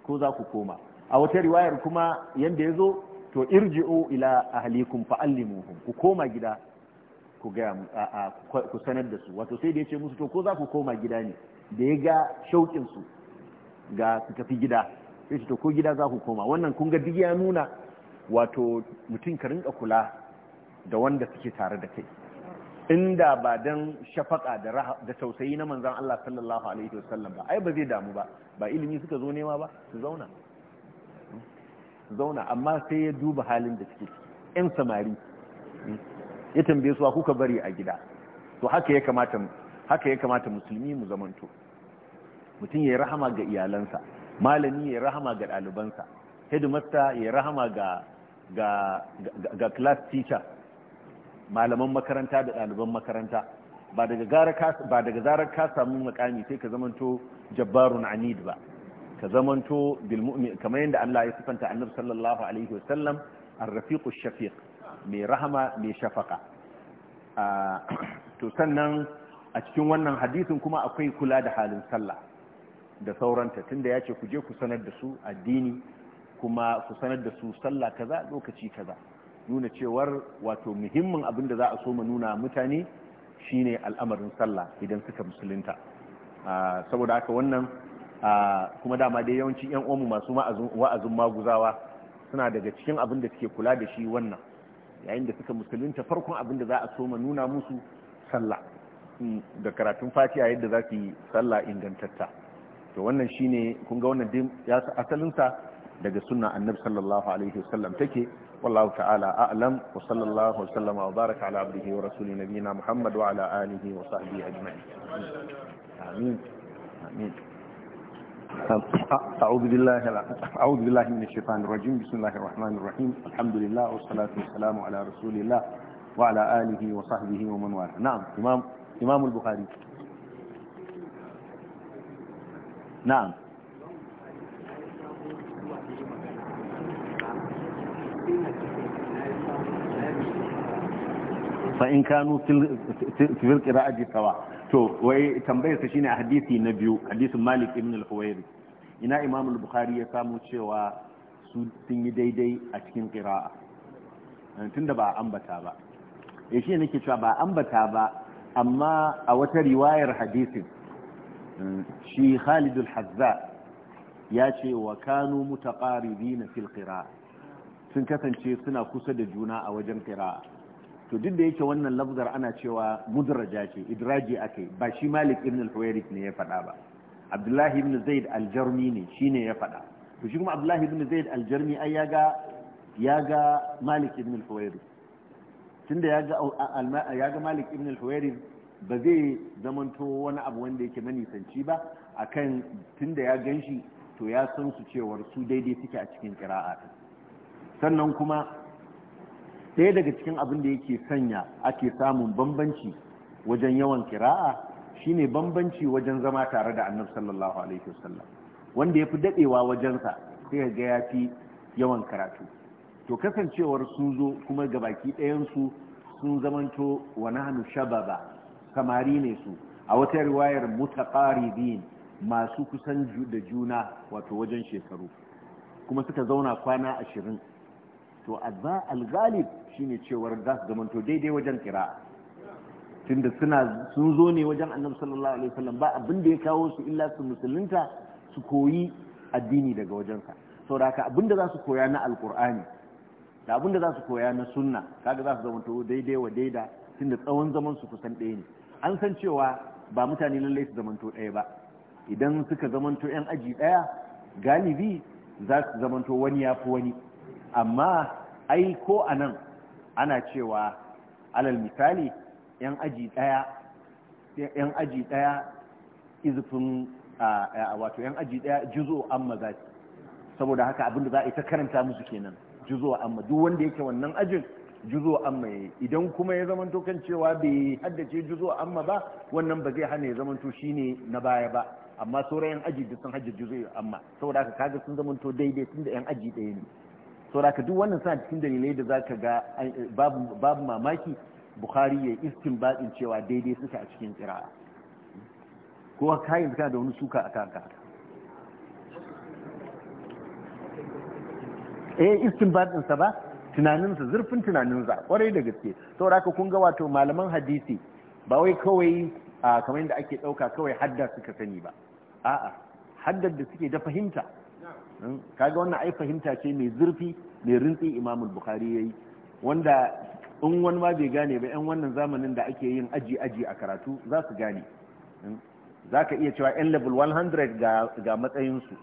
ko za ku koma a wata riwayar kuma yanda ya zo to irji'u ila ahlikum fa'allimuhum ku koma gida ku ga ku sanar da su wato sai da ya ce musu to ko za ku koma gida ne da ya ga shaukin su ga su tafi gida sai ce to ko gida za ku koma wannan kun ga duk ya nuna wato mutum ka rinka kula da wanda suke tare da kai inda ba dan shafaka da da tausayi na manzon Allah sallallahu alaihi wasallam ba ai ba zai damu ba ba ilimi suka zo nema ba su zauna su zauna amma sai ya duba halin da suke yan samari ya tambaye su kuka bari a gida to haka ya kamata musulmi mu zamanto mutum ya rahama ga iyalansa malami ya rahama ga ɗalibansa hedimasta ya rahama ga ga ga class teacher malaman makaranta da ɗaliban makaranta ba daga zarar ka samu makami sai ka zamanto jabbarun anid ba ka zamanto kamar yadda Allah ya sifanta annabi sallallahu alaihi wasallam ar-rafiqu shafiq mai rahama mai shafaka ah, to sannan a cikin wannan hadisin kuma akwai kula da halin sallah da sauranta tunda ya ce ku je ku sanar da su addini kuma ku sanar da su sallah kaza lokaci kaza nuna cewar wato muhimmin abin da za a so mu nuna mutane shine al'amarin sallah idan suka musulunta ah, saboda haka wannan kuma dama dai yawancin yan uwanmu masu wa'azin maguzawa suna daga cikin abin da suke kula da shi wannan yayin da suka musulunta farkon abin da za a soma nuna musu sallah hmm, da karatun fatiha yadda za su yi sallah ingantatta to wannan shine kun ga wannan ya sa asalinsa daga sunna annabi sallallahu alaihi wasallam take والله تعالى أعلم وصلى الله وسلم wa على عبده muhammad wa ala وعلى آله وصحبه أجمعين آمين آمين أعوذ بالله أعوذ بالله من الشيطان الرجيم بسم الله الرحمن الرحيم الحمد لله والصلاة والسلام على رسول الله وعلى آله وصحبه ومن والاه نعم إمام إمام البخاري نعم فإن كانوا في القراءة سواء to wai tambayar ta shine a hadisi na biyu hadisin malik ibn al huwayri ina imam al-bukhari ya samu cewa su sun yi daidai a cikin qira'a tunda ba ambata ba eh shi nake cewa ba ambata ba amma a wata riwayar hadisin eh, shi Khalid al-Hazza ya ce wa kanu mutaqaribina fil qira'a sun kasance suna kusa da juna a wajen qira'a to duk da yake wannan lafzar ana cewa mudraja ce idraji ake ba shi malik ibn al huwairith ne ya faɗa ba abdullahi ibn zaid al-jarmi ne shine ya faɗa to shi kuma abdullahi ibn zaid al-jarmi ai yaga yaga malik ibn al huwairith tunda yaga yaga malik ibn al huwairith ba zai zamanto wani abu wanda yake manisanci ba akan tunda ya ganshi to ya san su cewar su daidai suke a cikin qira'a sannan kuma sai daga cikin abin da yake sanya ake samun bambanci wajen yawan kira'a shine bambanci wajen zama tare da annabi sallallahu alaihi wasallam wanda ya fi daɗewa wajensa sai ga gaya fi yawan karatu to kasancewar sun zo kuma gabaki ɗayansu sun zamanto wa na nahnu shababa samari ne su a wata riwayar mutaqaribin masu kusan da juna wato wajen shekaru kuma suka zauna kwana ashirin to azza al-ghalib shine cewar za su zamanto daidai wajen kira tunda suna sun zo ne wajen annabi sallallahu alaihi wasallam ba abin da ya kawo su illa su musulunta su koyi addini daga wajensa saboda haka abin da za su koya na alqur'ani da abin da za su koya na sunna kaga za su zamanto daidai wa daida tunda tsawon zaman su kusan ɗaya ne an san cewa ba mutane lallai su zamanto ɗaya ba idan suka zamanto yan aji ɗaya galibi za su zamanto wani ya fi wani amma ai ko a nan ana cewa alal misali yan aji daya yan aji daya izufin wato yan aji daya juzo amma za saboda haka abinda za a yi ta karanta musu kenan juzo amma duk wanda yake wannan ajin juzo amma ya idan kuma ya zamanto kan cewa bai haddace juzo amma ba wannan ba zai hana ya shi shine na baya ba amma sauran yan aji da sun hajji juzo amma saboda haka kaga sun to daidai tunda yan aji daya ne sauraka duk wannan suna cikin dalilai da za ka ga eh, babu mamaki Buhari ya iskin baɗin cewa daidai suka a cikin ƙira'a ko kayan suka da wani suka a kanka eh iskin baɗinsa ba tunaninsa zurfin tunaninsa kwarai da gaske sauraka kun ga wato malaman hadisi ba wai kawai ah, kamar yadda ake ɗauka kawai hadda suka sani ba a'a haddar da suke da fahimta Hmm? kaga wannan ai fahimta ce mai zurfi mai rintsi imamul bukhari yayi wanda in wani ma bai gane ba yan wannan zamanin da ake yin aji aji a karatu za su gane hmm? za ka iya cewa yan level 100 ga matsayinsu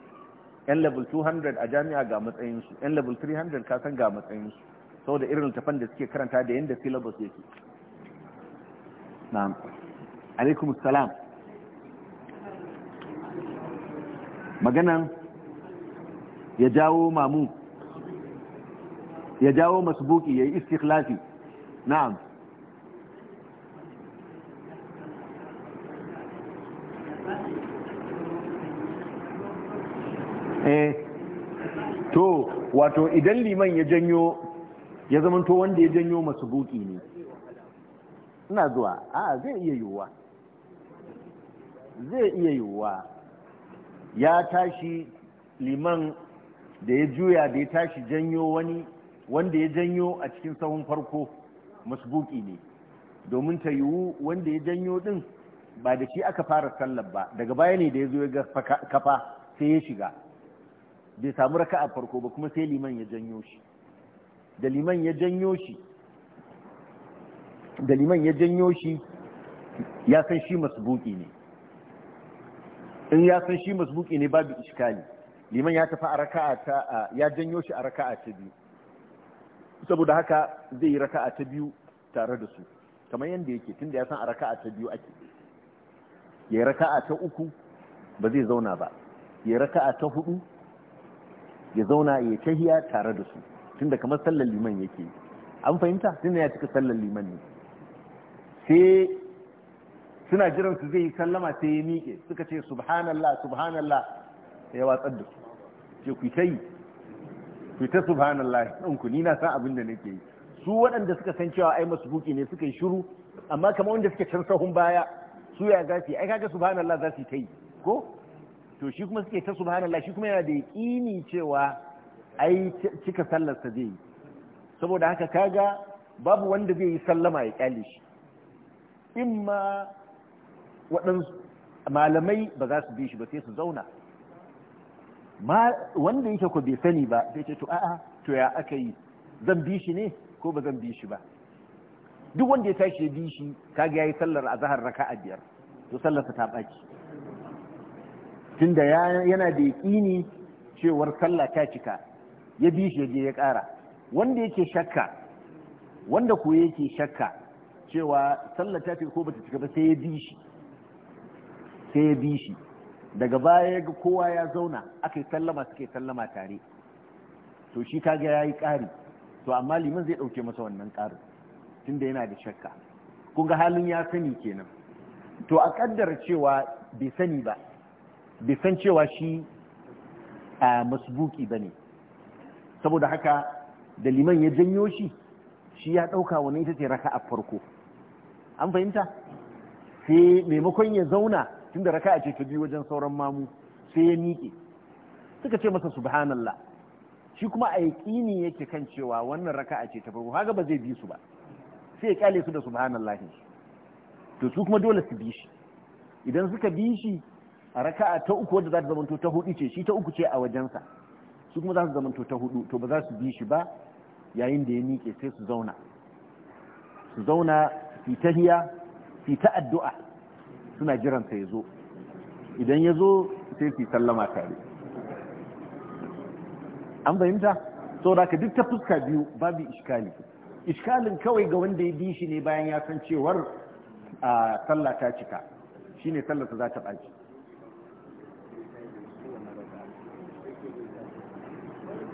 yan level 200 a jami'a ga matsayinsu yan level 300 ka san ga matsayinsu da irin tafan da suke karanta da yadda syllabus yake na'am alaikum salam maganan ya jawo mamu ya jawo buki ya yi istikhlafi na'am eh to wato idan liman ya janyo ya zamanto wanda ya janyo buki ne suna zuwa a zai iya yiwuwa zai iya yiwuwa ya tashi liman da ya juya da ya tashi janyo wani wanda ya janyo a cikin sahun farko masbuki ne domin ta yiwu wanda ya janyo din ba da shi aka fara sallar ba daga baya ne da ya zo ya ga kafa sai ya shiga bai samu raka a farko ba kuma sai liman ya janyo shi da liman ya janyo shi da liman ya janyo shi ya san shi masbuki ne in ya san shi masbuki ne babu iskali liman ya tafi a raka'a ta ya janyo shi a raka'a ta biyu saboda haka zai yi raka'a ta biyu tare da su kamar yadda yake tunda ya san a raka'a ta biyu ake ya yi raka'a ta uku ba zai zauna ba ya yi raka'a ta hudu ya zauna ya tahiya tare da su tunda kamar sallar liman yake an fahimta tunda ya cika sallar liman ne sai suna jiran su zai yi sallama sai ya miƙe suka ce subhanallah subhanallah ya watsar da su ce ku ta yi ku ta subhanallah na san abin da nake yi su waɗanda suka san cewa ai masu buki ne suka yi shiru amma kamar wanda suke can sahun baya su ya za su yi ai kaga subhanallah za su yi ta yi ko to shi kuma suke ta subhanallah shi kuma yana da yaƙini cewa ai cika sallarsa zai yi saboda haka kaga babu wanda zai yi sallama ya kyale shi in ma malamai ba za su bi shi ba sai su zauna ma wanda yake ko bai sani ba sai ce to a'a to ya aka yi zan bi shi ne ko ba zan bi shi ba duk wanda ya tashi ya bi shi kaga yayi sallar azhar raka'a biyar to sallar ta baki tunda yana da yaqini cewar sallah ta cika ya bi shi je ya ƙara wanda yake shakka wanda ko yake shakka cewa sallar ta cika ko bata cika ba sai ya bi shi sai ya bi shi daga baya ga kowa ya zauna aka yi sallama suke sallama tare to shi kage ya yi ƙari to amma liman zai ɗauke masa wannan ƙarin tunda yana da shakka kun halin ya sani kenan to a ƙaddara cewa bai sani ba bai san cewa shi a masbuki ba ne saboda haka da liman ya janyo shi shi ya ɗauka wani ita ce raka a farko an fahimta sai maimakon ya zauna tun da raka'a ce ta biyu wajen sauran mamu sai ya miƙe suka ce masa subhanallah shi kuma a yaƙini yake kan cewa wannan raka'a ce ta farko haka ba zai bi su ba sai ya kyale su da subhanallah to su kuma dole su bi shi idan suka bi shi a raka'a ta uku wadda za ta zamanto ta hudu ce shi ta uku ce a wajensa su kuma za su zamanto ta hudu to ba za su bi shi ba yayin da ya miƙe sai su zauna su zauna fi tahiya fi ta addu'a suna jiransa ya zo idan ya zo sai su sallama tare an fahimta sau da ka duk ta fuska biyu babu iskali iskalin kawai ga wanda ya bi shi ne bayan ya san cewar a sallah ta cika shine sallar ta za ta ɓaci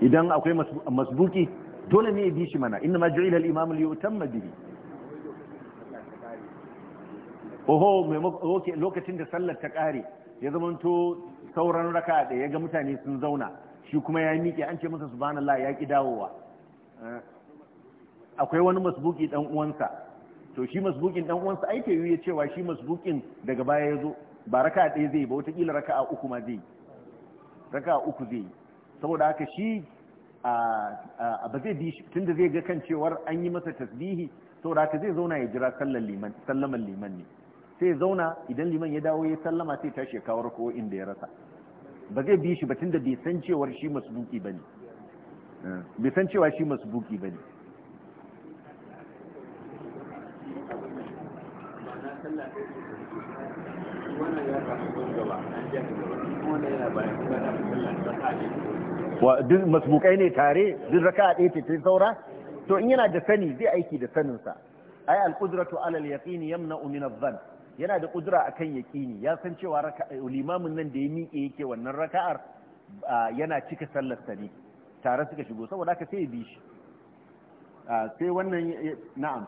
idan akwai masbuki dole ne ya bi shi mana inna ma ju'ila al-imam li yutamma bihi oho lokacin da sallar ta kare ya zamanto sauran raka da ya ga mutane sun zauna shi kuma ya miƙe an ce masa subhanallah ya ki dawowa akwai wani masbuki dan uwansa to shi masbukin dan uwansa ai ke ya cewa shi masbukin daga baya ya zo ba raka ɗaya zai ba wata kila raka uku ma zai raka uku zai saboda haka shi ba zai bi tunda zai ga kan cewar an yi masa tasbihi saboda haka zai zauna ya jira sallar sallaman liman ne sai zauna idan liman ya dawo ya sallama sai tashi ya kawo inda ya rasa ba zai bi shi ba tunda bai san cewar shi masbuki bane eh, bai san cewa shi masbuki bane wa duk masbukai ne tare duk a ɗaya ce ta saura to in yana da sani zai aiki da saninsa ai al-qudratu ala al-yaqin yamna'u min adh-dhann yana da kudura akan yakini, ya san cewa limamin nan da ya miƙe yake wannan raka'ar yana cika sallar sa ne tare suka shigo saboda aka sai bi shi sai wannan na'am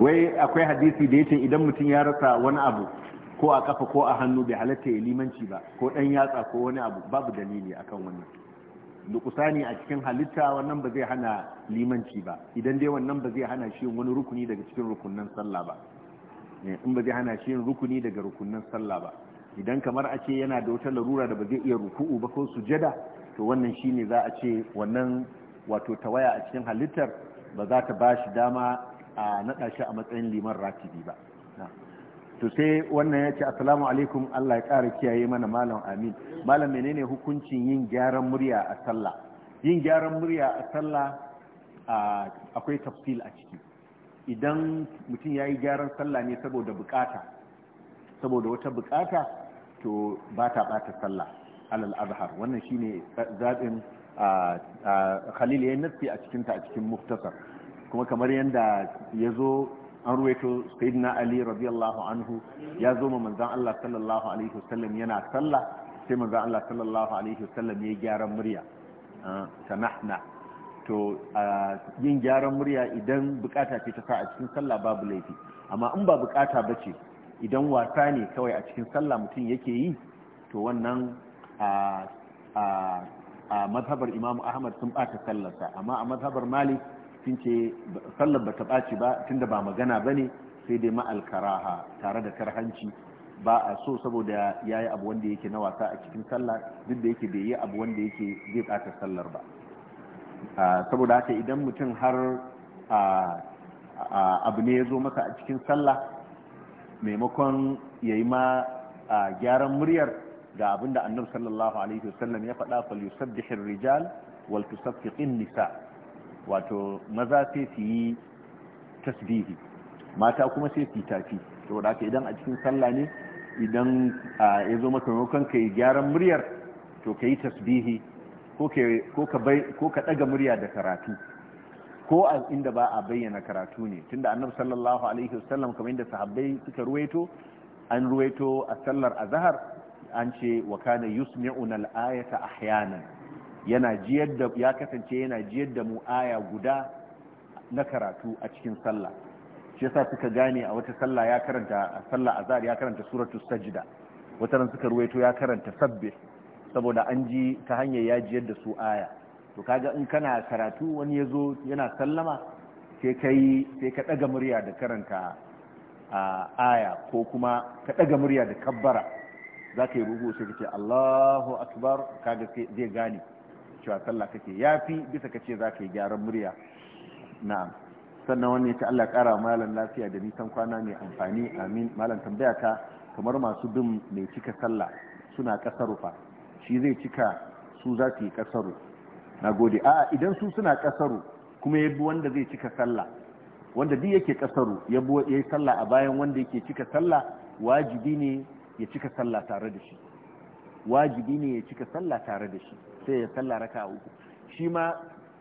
wai akwai hadisi da yake idan mutum ya rasa wani abu ko a kafa ko a hannu bai halatta ya limanci ba ko ɗan yatsa ko wani abu babu dalili akan wannan lukusani a cikin halitta wannan ba zai hana limanci ba idan dai wannan ba zai hana shi wani rukuni daga cikin rukunin sallah ba eh, in ba zai hana shi rukuni daga rukunin sallah ba idan kamar a ce yana da wata larura da ba zai iya ruku'u ba ko sujada to wannan shine za a ce wannan wato tawaya a cikin halittar ba za ta ba shi dama a naɗa shi a matsayin liman ratibi ba to sai wannan ya ce assalamu alaikum Allah ya ƙara kiyaye mana malam amin malam menene hukuncin yin gyaran murya a sallah yin gyaran murya a sallah akwai tafsil a ciki idan mutum ya yi gyaran sallah ne saboda bukata saboda wata bukata to ba ta bata sallah alal azhar wannan shine zabin khalil ya nafi a cikinta a cikin muftasar kuma kamar yadda ya zo an ruwaito sayyidina ali radiyallahu anhu ya zo ma manzon Allah sallallahu alaihi wasallam yana sallah sai manzon Allah sallallahu alaihi wasallam ya gyaran murya ah, tanahna to ah, yin gyaran murya idan bukata ce ta sa a cikin sallah babu laifi amma in ba bukata bace idan wasa ne kawai a cikin sallah mutum yake yi to wannan a ah, mazhabar imamu ahmad sun bata sallarsa amma a mazhabar malik sun ce sallar ba ta ɓaci ba tunda ba magana ba ne sai dai ma'alkaraha tare da karhanci ba a so saboda ya yi abu wanda yake na wasa a cikin sallar duk da yake bai yi abu wanda yake zai ɓata sallar ba saboda haka idan mutum har abu ne ya zo masa a cikin sallah maimakon ya yi ma gyaran muryar ga abinda annabi sallallahu alaihi wasallam ya faɗa fal rijal wal nisa wato maza sai su yi tasbihi mata kuma sai su yi tafi saboda haka idan a cikin sallah ne idan ya zo maka ka yi gyaran muryar to ka yi tasbihi ko ka ɗaga murya da karatu ko a inda ba a bayyana karatu ne tunda annabi sallallahu alaihi wasallam kamar inda sahabbai suka ruwaito an ruwaito a sallar azhar an ce wa kana yusmi'una al-ayata ahyanan yana ya kasance yana jiyar da mu aya guda na karatu a cikin sallah shi yasa suka gane a wata sallah ya karanta a sallah azhar ya karanta suratu sajda wata ran suka ruwaito ya karanta sabbih saboda an ji ta hanyar ya jiyar da su aya to kaga in kana karatu wani yazo yana sallama sai kai sai ka daga murya da karanta aya ko kuma ka daga murya da kabbara za ka yi ruhu sai ka ce Allahu akbar kaga zai gane cewa sallah kake yafi bisa kace za ka yi gyaran murya na'am sannan wani ta Allah kara malam lafiya da nisan kwana mai amfani amin malam tambaya ta kamar masu bin mai cika sallah suna kasaru fa shi zai cika su za kasaru na gode a idan su suna kasaru kuma ya bi wanda zai cika sallah wanda duk yake kasaru ya bi ya sallah a bayan wanda yake cika sallah wajibi ne ya cika sallah tare da shi wajibi ne ya cika sallah tare da shi sai ya sallah raka'a uku shi ma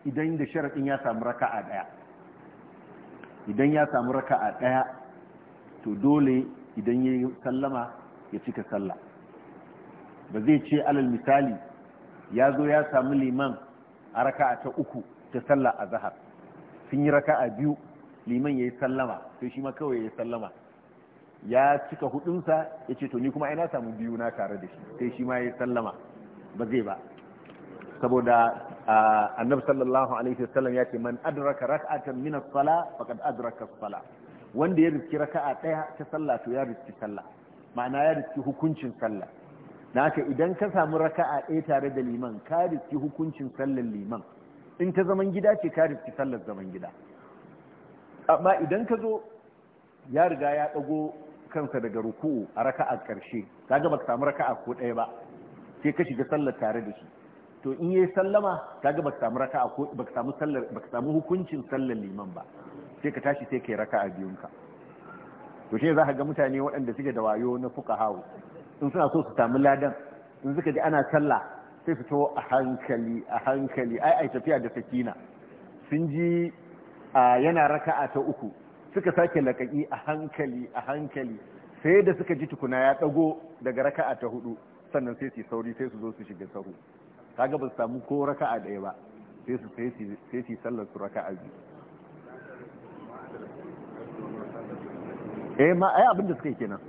idan da sharaɗin ya samu raka'a ɗaya idan ya samu raka'a ɗaya to dole idan ya yi sallama ya cika sallah ba zai ce alal misali ya zo ya samu liman a raka'a ta uku ta sallah a zahar sun yi raka'a biyu liman ya yi sallama sai shi ma kawai ya yi sallama ya cika hudunsa ya ce to ni kuma ina samu biyu na tare da shi sai shi ma ya sallama ba zai ba saboda annabi sallallahu alaihi wasallam ya ce man adraka rak'atan min as-sala faqad adraka as-sala wanda ya riski raka'a daya ta sallah to ya riski sallah ma'ana ya riski hukuncin sallah na haka idan ka samu raka'a ɗaya tare da liman ka riski hukuncin sallar liman in ta zaman gida ce ka riski sallar zaman gida amma idan ka zo ya riga ya ɗago kansa daga ruku'u a raka'a ƙarshe kaga baka samu raka'a ko ɗaya ba sai ka shiga sallar tare da shi to in yayi sallama kaga baka samu raka'a ko baka samu samu hukuncin sallar liman ba sai ka tashi sai kai raka'a biyun ka to shi za ka ga mutane waɗanda suke da wayo na hau in suna so su samu ladan in suka ji ana sallah sai su a hankali a hankali ai ai tafiya da sakina sun ji yana raka'a ta uku suka sake lakaki a hankali a hankali sai da suka ji tukuna ya ɗago daga raka'a ta hudu sannan sai su sauri sai su zo su shiga sahu kaga ba su samu ko raka'a ɗaya ba sai su sai su sallar su raka'a biyu eh ma ai abin da suka yi kenan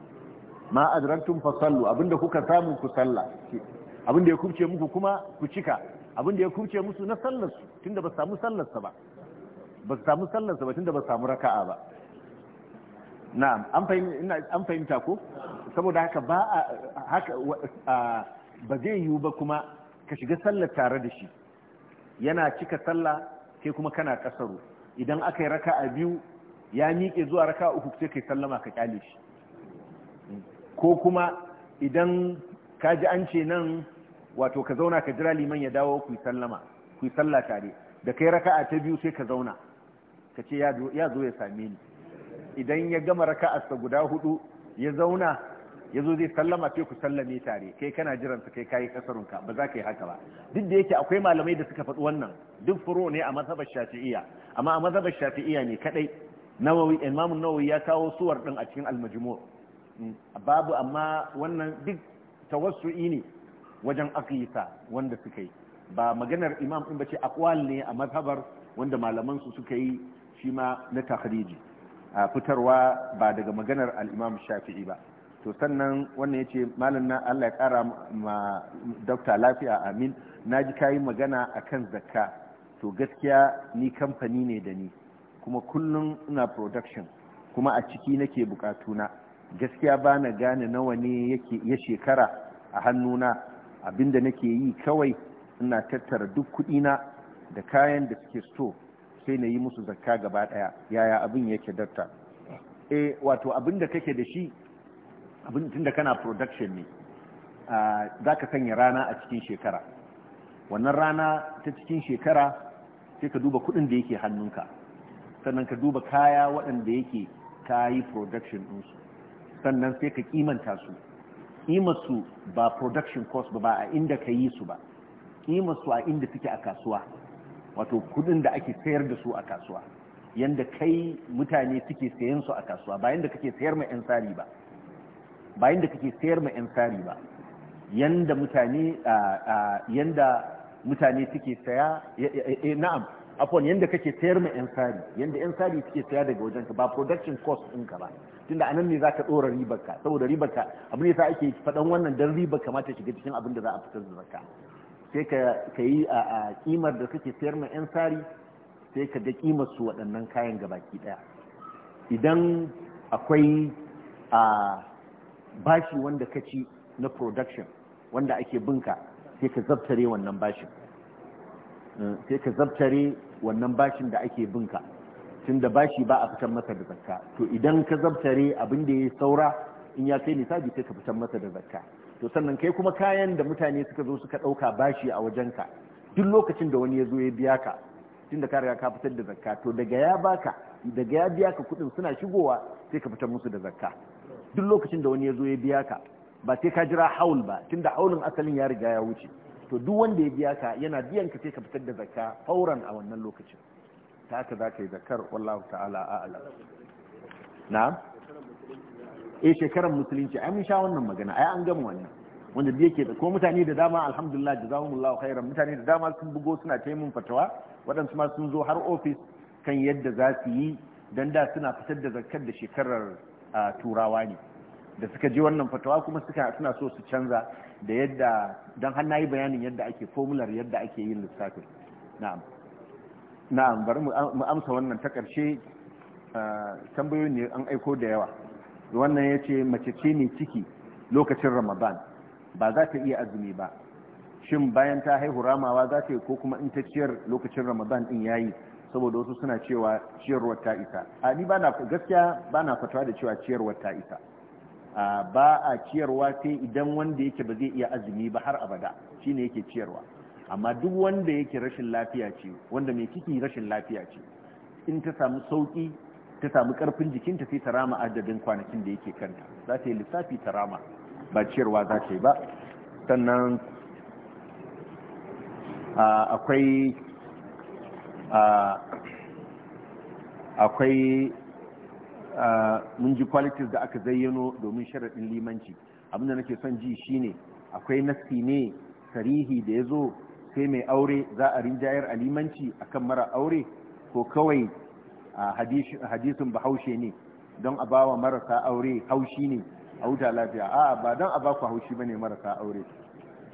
ma adraktum fa sallu da kuka samu ku salla da ya kubce muku kuma ku cika abin da ya kubce musu na sallar su tunda ba su samu sallar sa ba ba su samu sallarsa ba tunda ba su samu raka'a ba na'am an fahimta ko saboda haka ba haka ba zai yiwu ba kuma ka shiga sallar tare da shi yana cika sallah kai kuma kana kasaro idan aka yi raka'a biyu ya miƙe zuwa raka'a uku sai kai sallama ka kyale shi ko kuma idan ka ji an ce nan wato ka zauna ka jira liman ya dawo ku sallama ku sallah tare da kai raka'a ta biyu sai ka zauna ka ce ya zo ya same ni idan ya gama raka raka'arsa guda hudu ya zauna ya zo zai sallama ce ku sallame tare kai kana jiransa kai kayi kasarunka ba za ka yi haka ba duk da yake akwai malamai da suka faɗi wannan duk furo ne a mazhabar shafi'iyya amma a mazhabar shafi'iyya ne kadai nawawi imamun nawawi ya kawo suwar din a cikin almajmu mm. babu amma wannan duk tawassu'i ne wajen aqisa wanda suka yi ba maganar imam din bace aqwal ne a mazhabar wanda malaman su suka yi shi ma na takhriji a fitarwa ba daga maganar al shafi'i ba to sannan wannan yace malam na Allah ya kara ma dokta lafiya amin naji kayi magana a kan zakka to gaskiya ni kamfani ne da ni kuma kullum ina production kuma a ciki nake na gaskiya ba na gane nawa ne ya shekara a hannuna abinda nake yi kawai ina tattara duk kudina da kayan da suke so sai na yi musu zakka gaba daya yaya abin yake datta eh wato abin da kake da shi abin tunda kana production ne za ka sanya rana a cikin shekara wannan rana ta cikin shekara sai ka duba kudin da yake hannunka sannan ka duba kaya waɗanda yake ka yi production ɗinsu sannan sai ka kimanta su su ba production cost ba a inda ka yi su ba su a inda suke a kasuwa wato kudin da ake sayar da su a kasuwa yanda kai mutane suke sayan su a kasuwa bayan da kake sayar ma 'yan tsari ba bayan da kake sayar ma 'yan tsari ba yanda mutane yanda mutane suke saya eh, na'am afon yanda kake sayar ma 'yan tsari yanda 'yan tsari suke saya daga wajen ka ba production cost ɗinka ba tunda anan ne zaka dora ribarka saboda ribarka abin da sa ake faɗan wannan dan ribar kamata shiga cikin abin da za a fitar da zakka sai ka yi a kimar da kake sayar ma 'yan sari sai ka ga kimar su waɗannan kayan gabaki ɗaya idan akwai a bashi wanda ka ci na production wanda ake binka sai ka zabtare wannan bashin eh, sai ka zabtare wannan bashin da ake binka tun da bashi ba a fitar masa da zakka to idan ka zabtare abin da ya saura in ya kai nisabi sai ka fitar masa da zakka to sannan kai kuma kayan da mutane suka zo suka ɗauka bashi a wajenka duk lokacin da wani ya zo ya biya ka tun ka riga ka fitar da zakka to daga ya baka daga ya biya ka kuɗin suna shigowa sai ka fitar musu da zakka duk lokacin da wani ya zo ya biya ka ba sai ka jira haul ba tunda haulin asalin ya riga ya wuce to duk wanda ya biya ka yana biyan ka sai ka fitar da zakka fauran a wannan lokacin ta haka za ka yi zakkar wallahu ta'ala a'ala na'am eh shekarar musulunci ai mun sha wannan magana ai an gama wannan wanda da yake da ko mutane da dama alhamdulillah jazakumullahu khairan mutane da dama sun bugo suna ta mun fatawa waɗansu ma sun zo har ofis kan yadda za su yi dan da suna fitar da zakkar da shekarar turawa ne da suka je wannan fatawa kuma suka suna so su canza da yadda dan har nayi bayanin yadda ake formular yadda ake yin lissafin na'am na'am bari mu amsa wannan ta ƙarshe tambayoyin ne an aiko da yawa wannan ya ce mace ce mai ciki lokacin ramadan ba za ta iya azumi ba shin bayan ta haihu ramawa za ta yi ko kuma in ta ciyar lokacin ramadan din yayi saboda wasu suna cewa ciyarwar ta isa a ni ba na gaskiya ba na fatawa da cewa ciyarwar ta isa ba a ciyarwa sai idan wanda yake ba zai iya azumi ba har abada shi ne yake ciyarwa amma duk wanda yake rashin lafiya ce wanda mai ciki rashin lafiya ce in ta samu sauki ta samu karfin jikinta sai ta rama adadin kwanakin da yake kanta za ta yi lissafi ta rama ba ciyarwa za ta yi ba sannan akwai akwai mun ji qualities da aka zayyano domin sharaɗin limanci abinda nake son ji shi ne akwai nassi ne sarihi da ya zo sai mai aure za a rinjayar a limanci akan mara aure ko kawai hadisin bahaushe ne don a bawa marasa aure haushi ne a huta lafiya a ba don a baku haushi bane marasa aure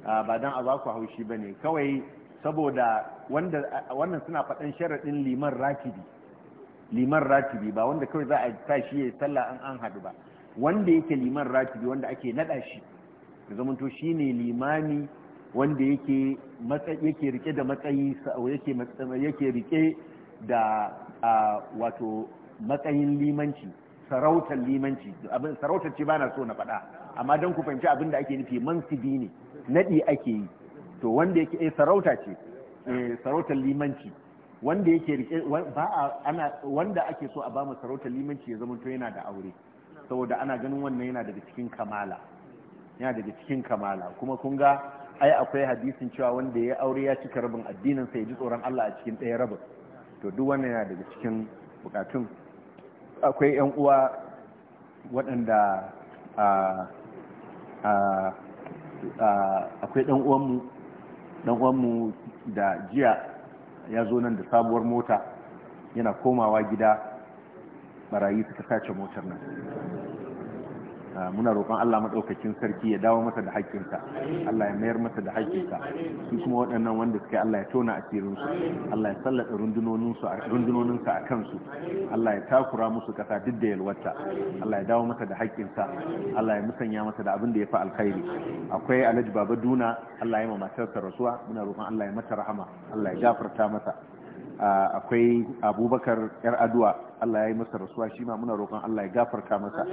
ba don a baku haushi bane kawai saboda wannan suna faɗin sharaɗin liman ratibi liman ratibi ba wanda kawai za a sa shi ya sallah an an haɗu ba wanda yake liman ratibi wanda ake naɗa shi da zamanto shi ne limani wanda yake yake rike da matsayi yake rike da wato matsayin limanci sarautar limanci abin sarautar ce bana so na faɗa amma don ku fahimci abin da ake nufi mansibi ne naɗi ake yi to wanda yake eh sarauta ce eh sarautar limanci wanda yake rike ba ana wanda ake so a bamu sarautar limanci ya zama to yana da aure saboda ana ganin wannan yana daga cikin kamala yana daga cikin kamala kuma kun ga ai akwai hadisin cewa wanda ya aure ya cika rabin addinin sa ya ji tsoron Allah a cikin ɗaya rabin to duk wannan yana daga cikin bukatun akwai yan uwa waɗanda akwai ɗan uwanmu da jiya ya zo nan da sabuwar mota yana komawa gida barayi suka sace motar nan Ah, muna roƙon Allah maɗaukakin sarki ya dawo masa da haƙƙinsa Allah ya mayar masa da haƙƙinsa su kuma waɗannan wanda suka Allah ya tona a cirinsu Allah ya sallata rundunoninsa a kansu Allah ya takura musu ƙasa duk da yalwata Allah ya dawo masa da haƙƙinsa Allah ya musanya masa da abin da ya fi alkhairi akwai alhaji baba duna Allah ya yi ma matarsa rasuwa muna roƙon Allah ya mata rahama Allah ya gafarta masa. Ah, akwai abubakar yar aduwa Allah ya yi masa rasuwa shi ma muna roƙon Allah ya gafarta masa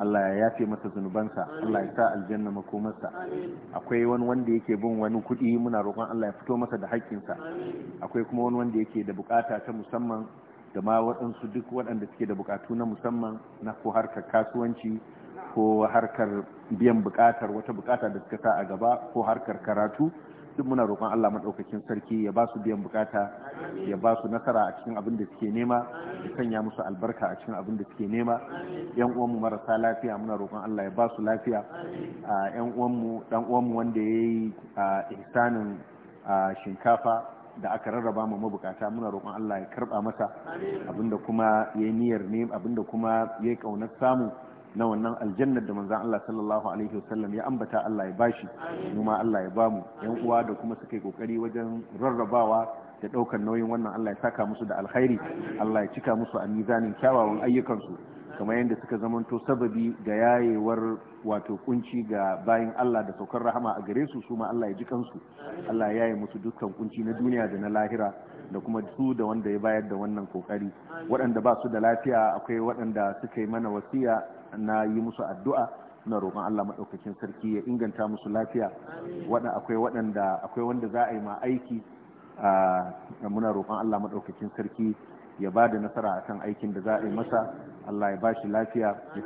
Allah ya yafe masa zunubansa Allah ya sa aljanna makomarsa akwai wani wanda yake bin wani kuɗi muna roƙon Allah ya fito masa da haƙƙinsa akwai kuma wani wanda yake da bukata ta musamman da ma waɗansu duk waɗanda suke da bukatu na musamman na ko harkar kasuwanci ko harkar biyan bukatar wata bukata da suka sa a gaba ko harkar karatu duk muna roƙon Allah maɗaukakin sarki ya ba su biyan bukata ya ba su nasara a cikin abin da suke nema ya sanya musu albarka a cikin abin da suke nema yan uwanmu marasa lafiya muna roƙon Allah ya ba su lafiya yan uwanmu dan uwanmu wanda yayi ihsanin shinkafa da aka rarraba ma mabukata muna roƙon Allah ya karba masa abinda kuma yayi niyyar ne abinda kuma yayi kaunar samu na wannan aljannar da manzan Allah sallallahu alaihi wasallam ya ambata Allah ya bashi mu ma Allah ya bamu yan uwa da kuma suka yi kokari wajen rarrabawa da ɗaukar nauyin wannan Allah ya saka musu da alkhairi Allah ya cika musu a mizanin kyawawan ayyukansu kamar yadda suka zamanto sababi ga yayewar wato kunci ga bayan Allah da saukar rahama a gare su su ma Allah ya ji kansu Allah ya yaye musu dukkan kunci na duniya da na lahira da kuma su da wanda ya bayar da wannan kokari waɗanda ba su da lafiya akwai waɗanda suka yi mana wasiya na yi musu addu'a na roƙon Allah maɗaukakin sarki ya inganta musu lafiya waɗanda akwai wanda za a yi ma aiki muna roƙon Allah maɗaukacin sarki ya ba da nasara akan aikin da za a yi masa Allah ya ba shi lafiya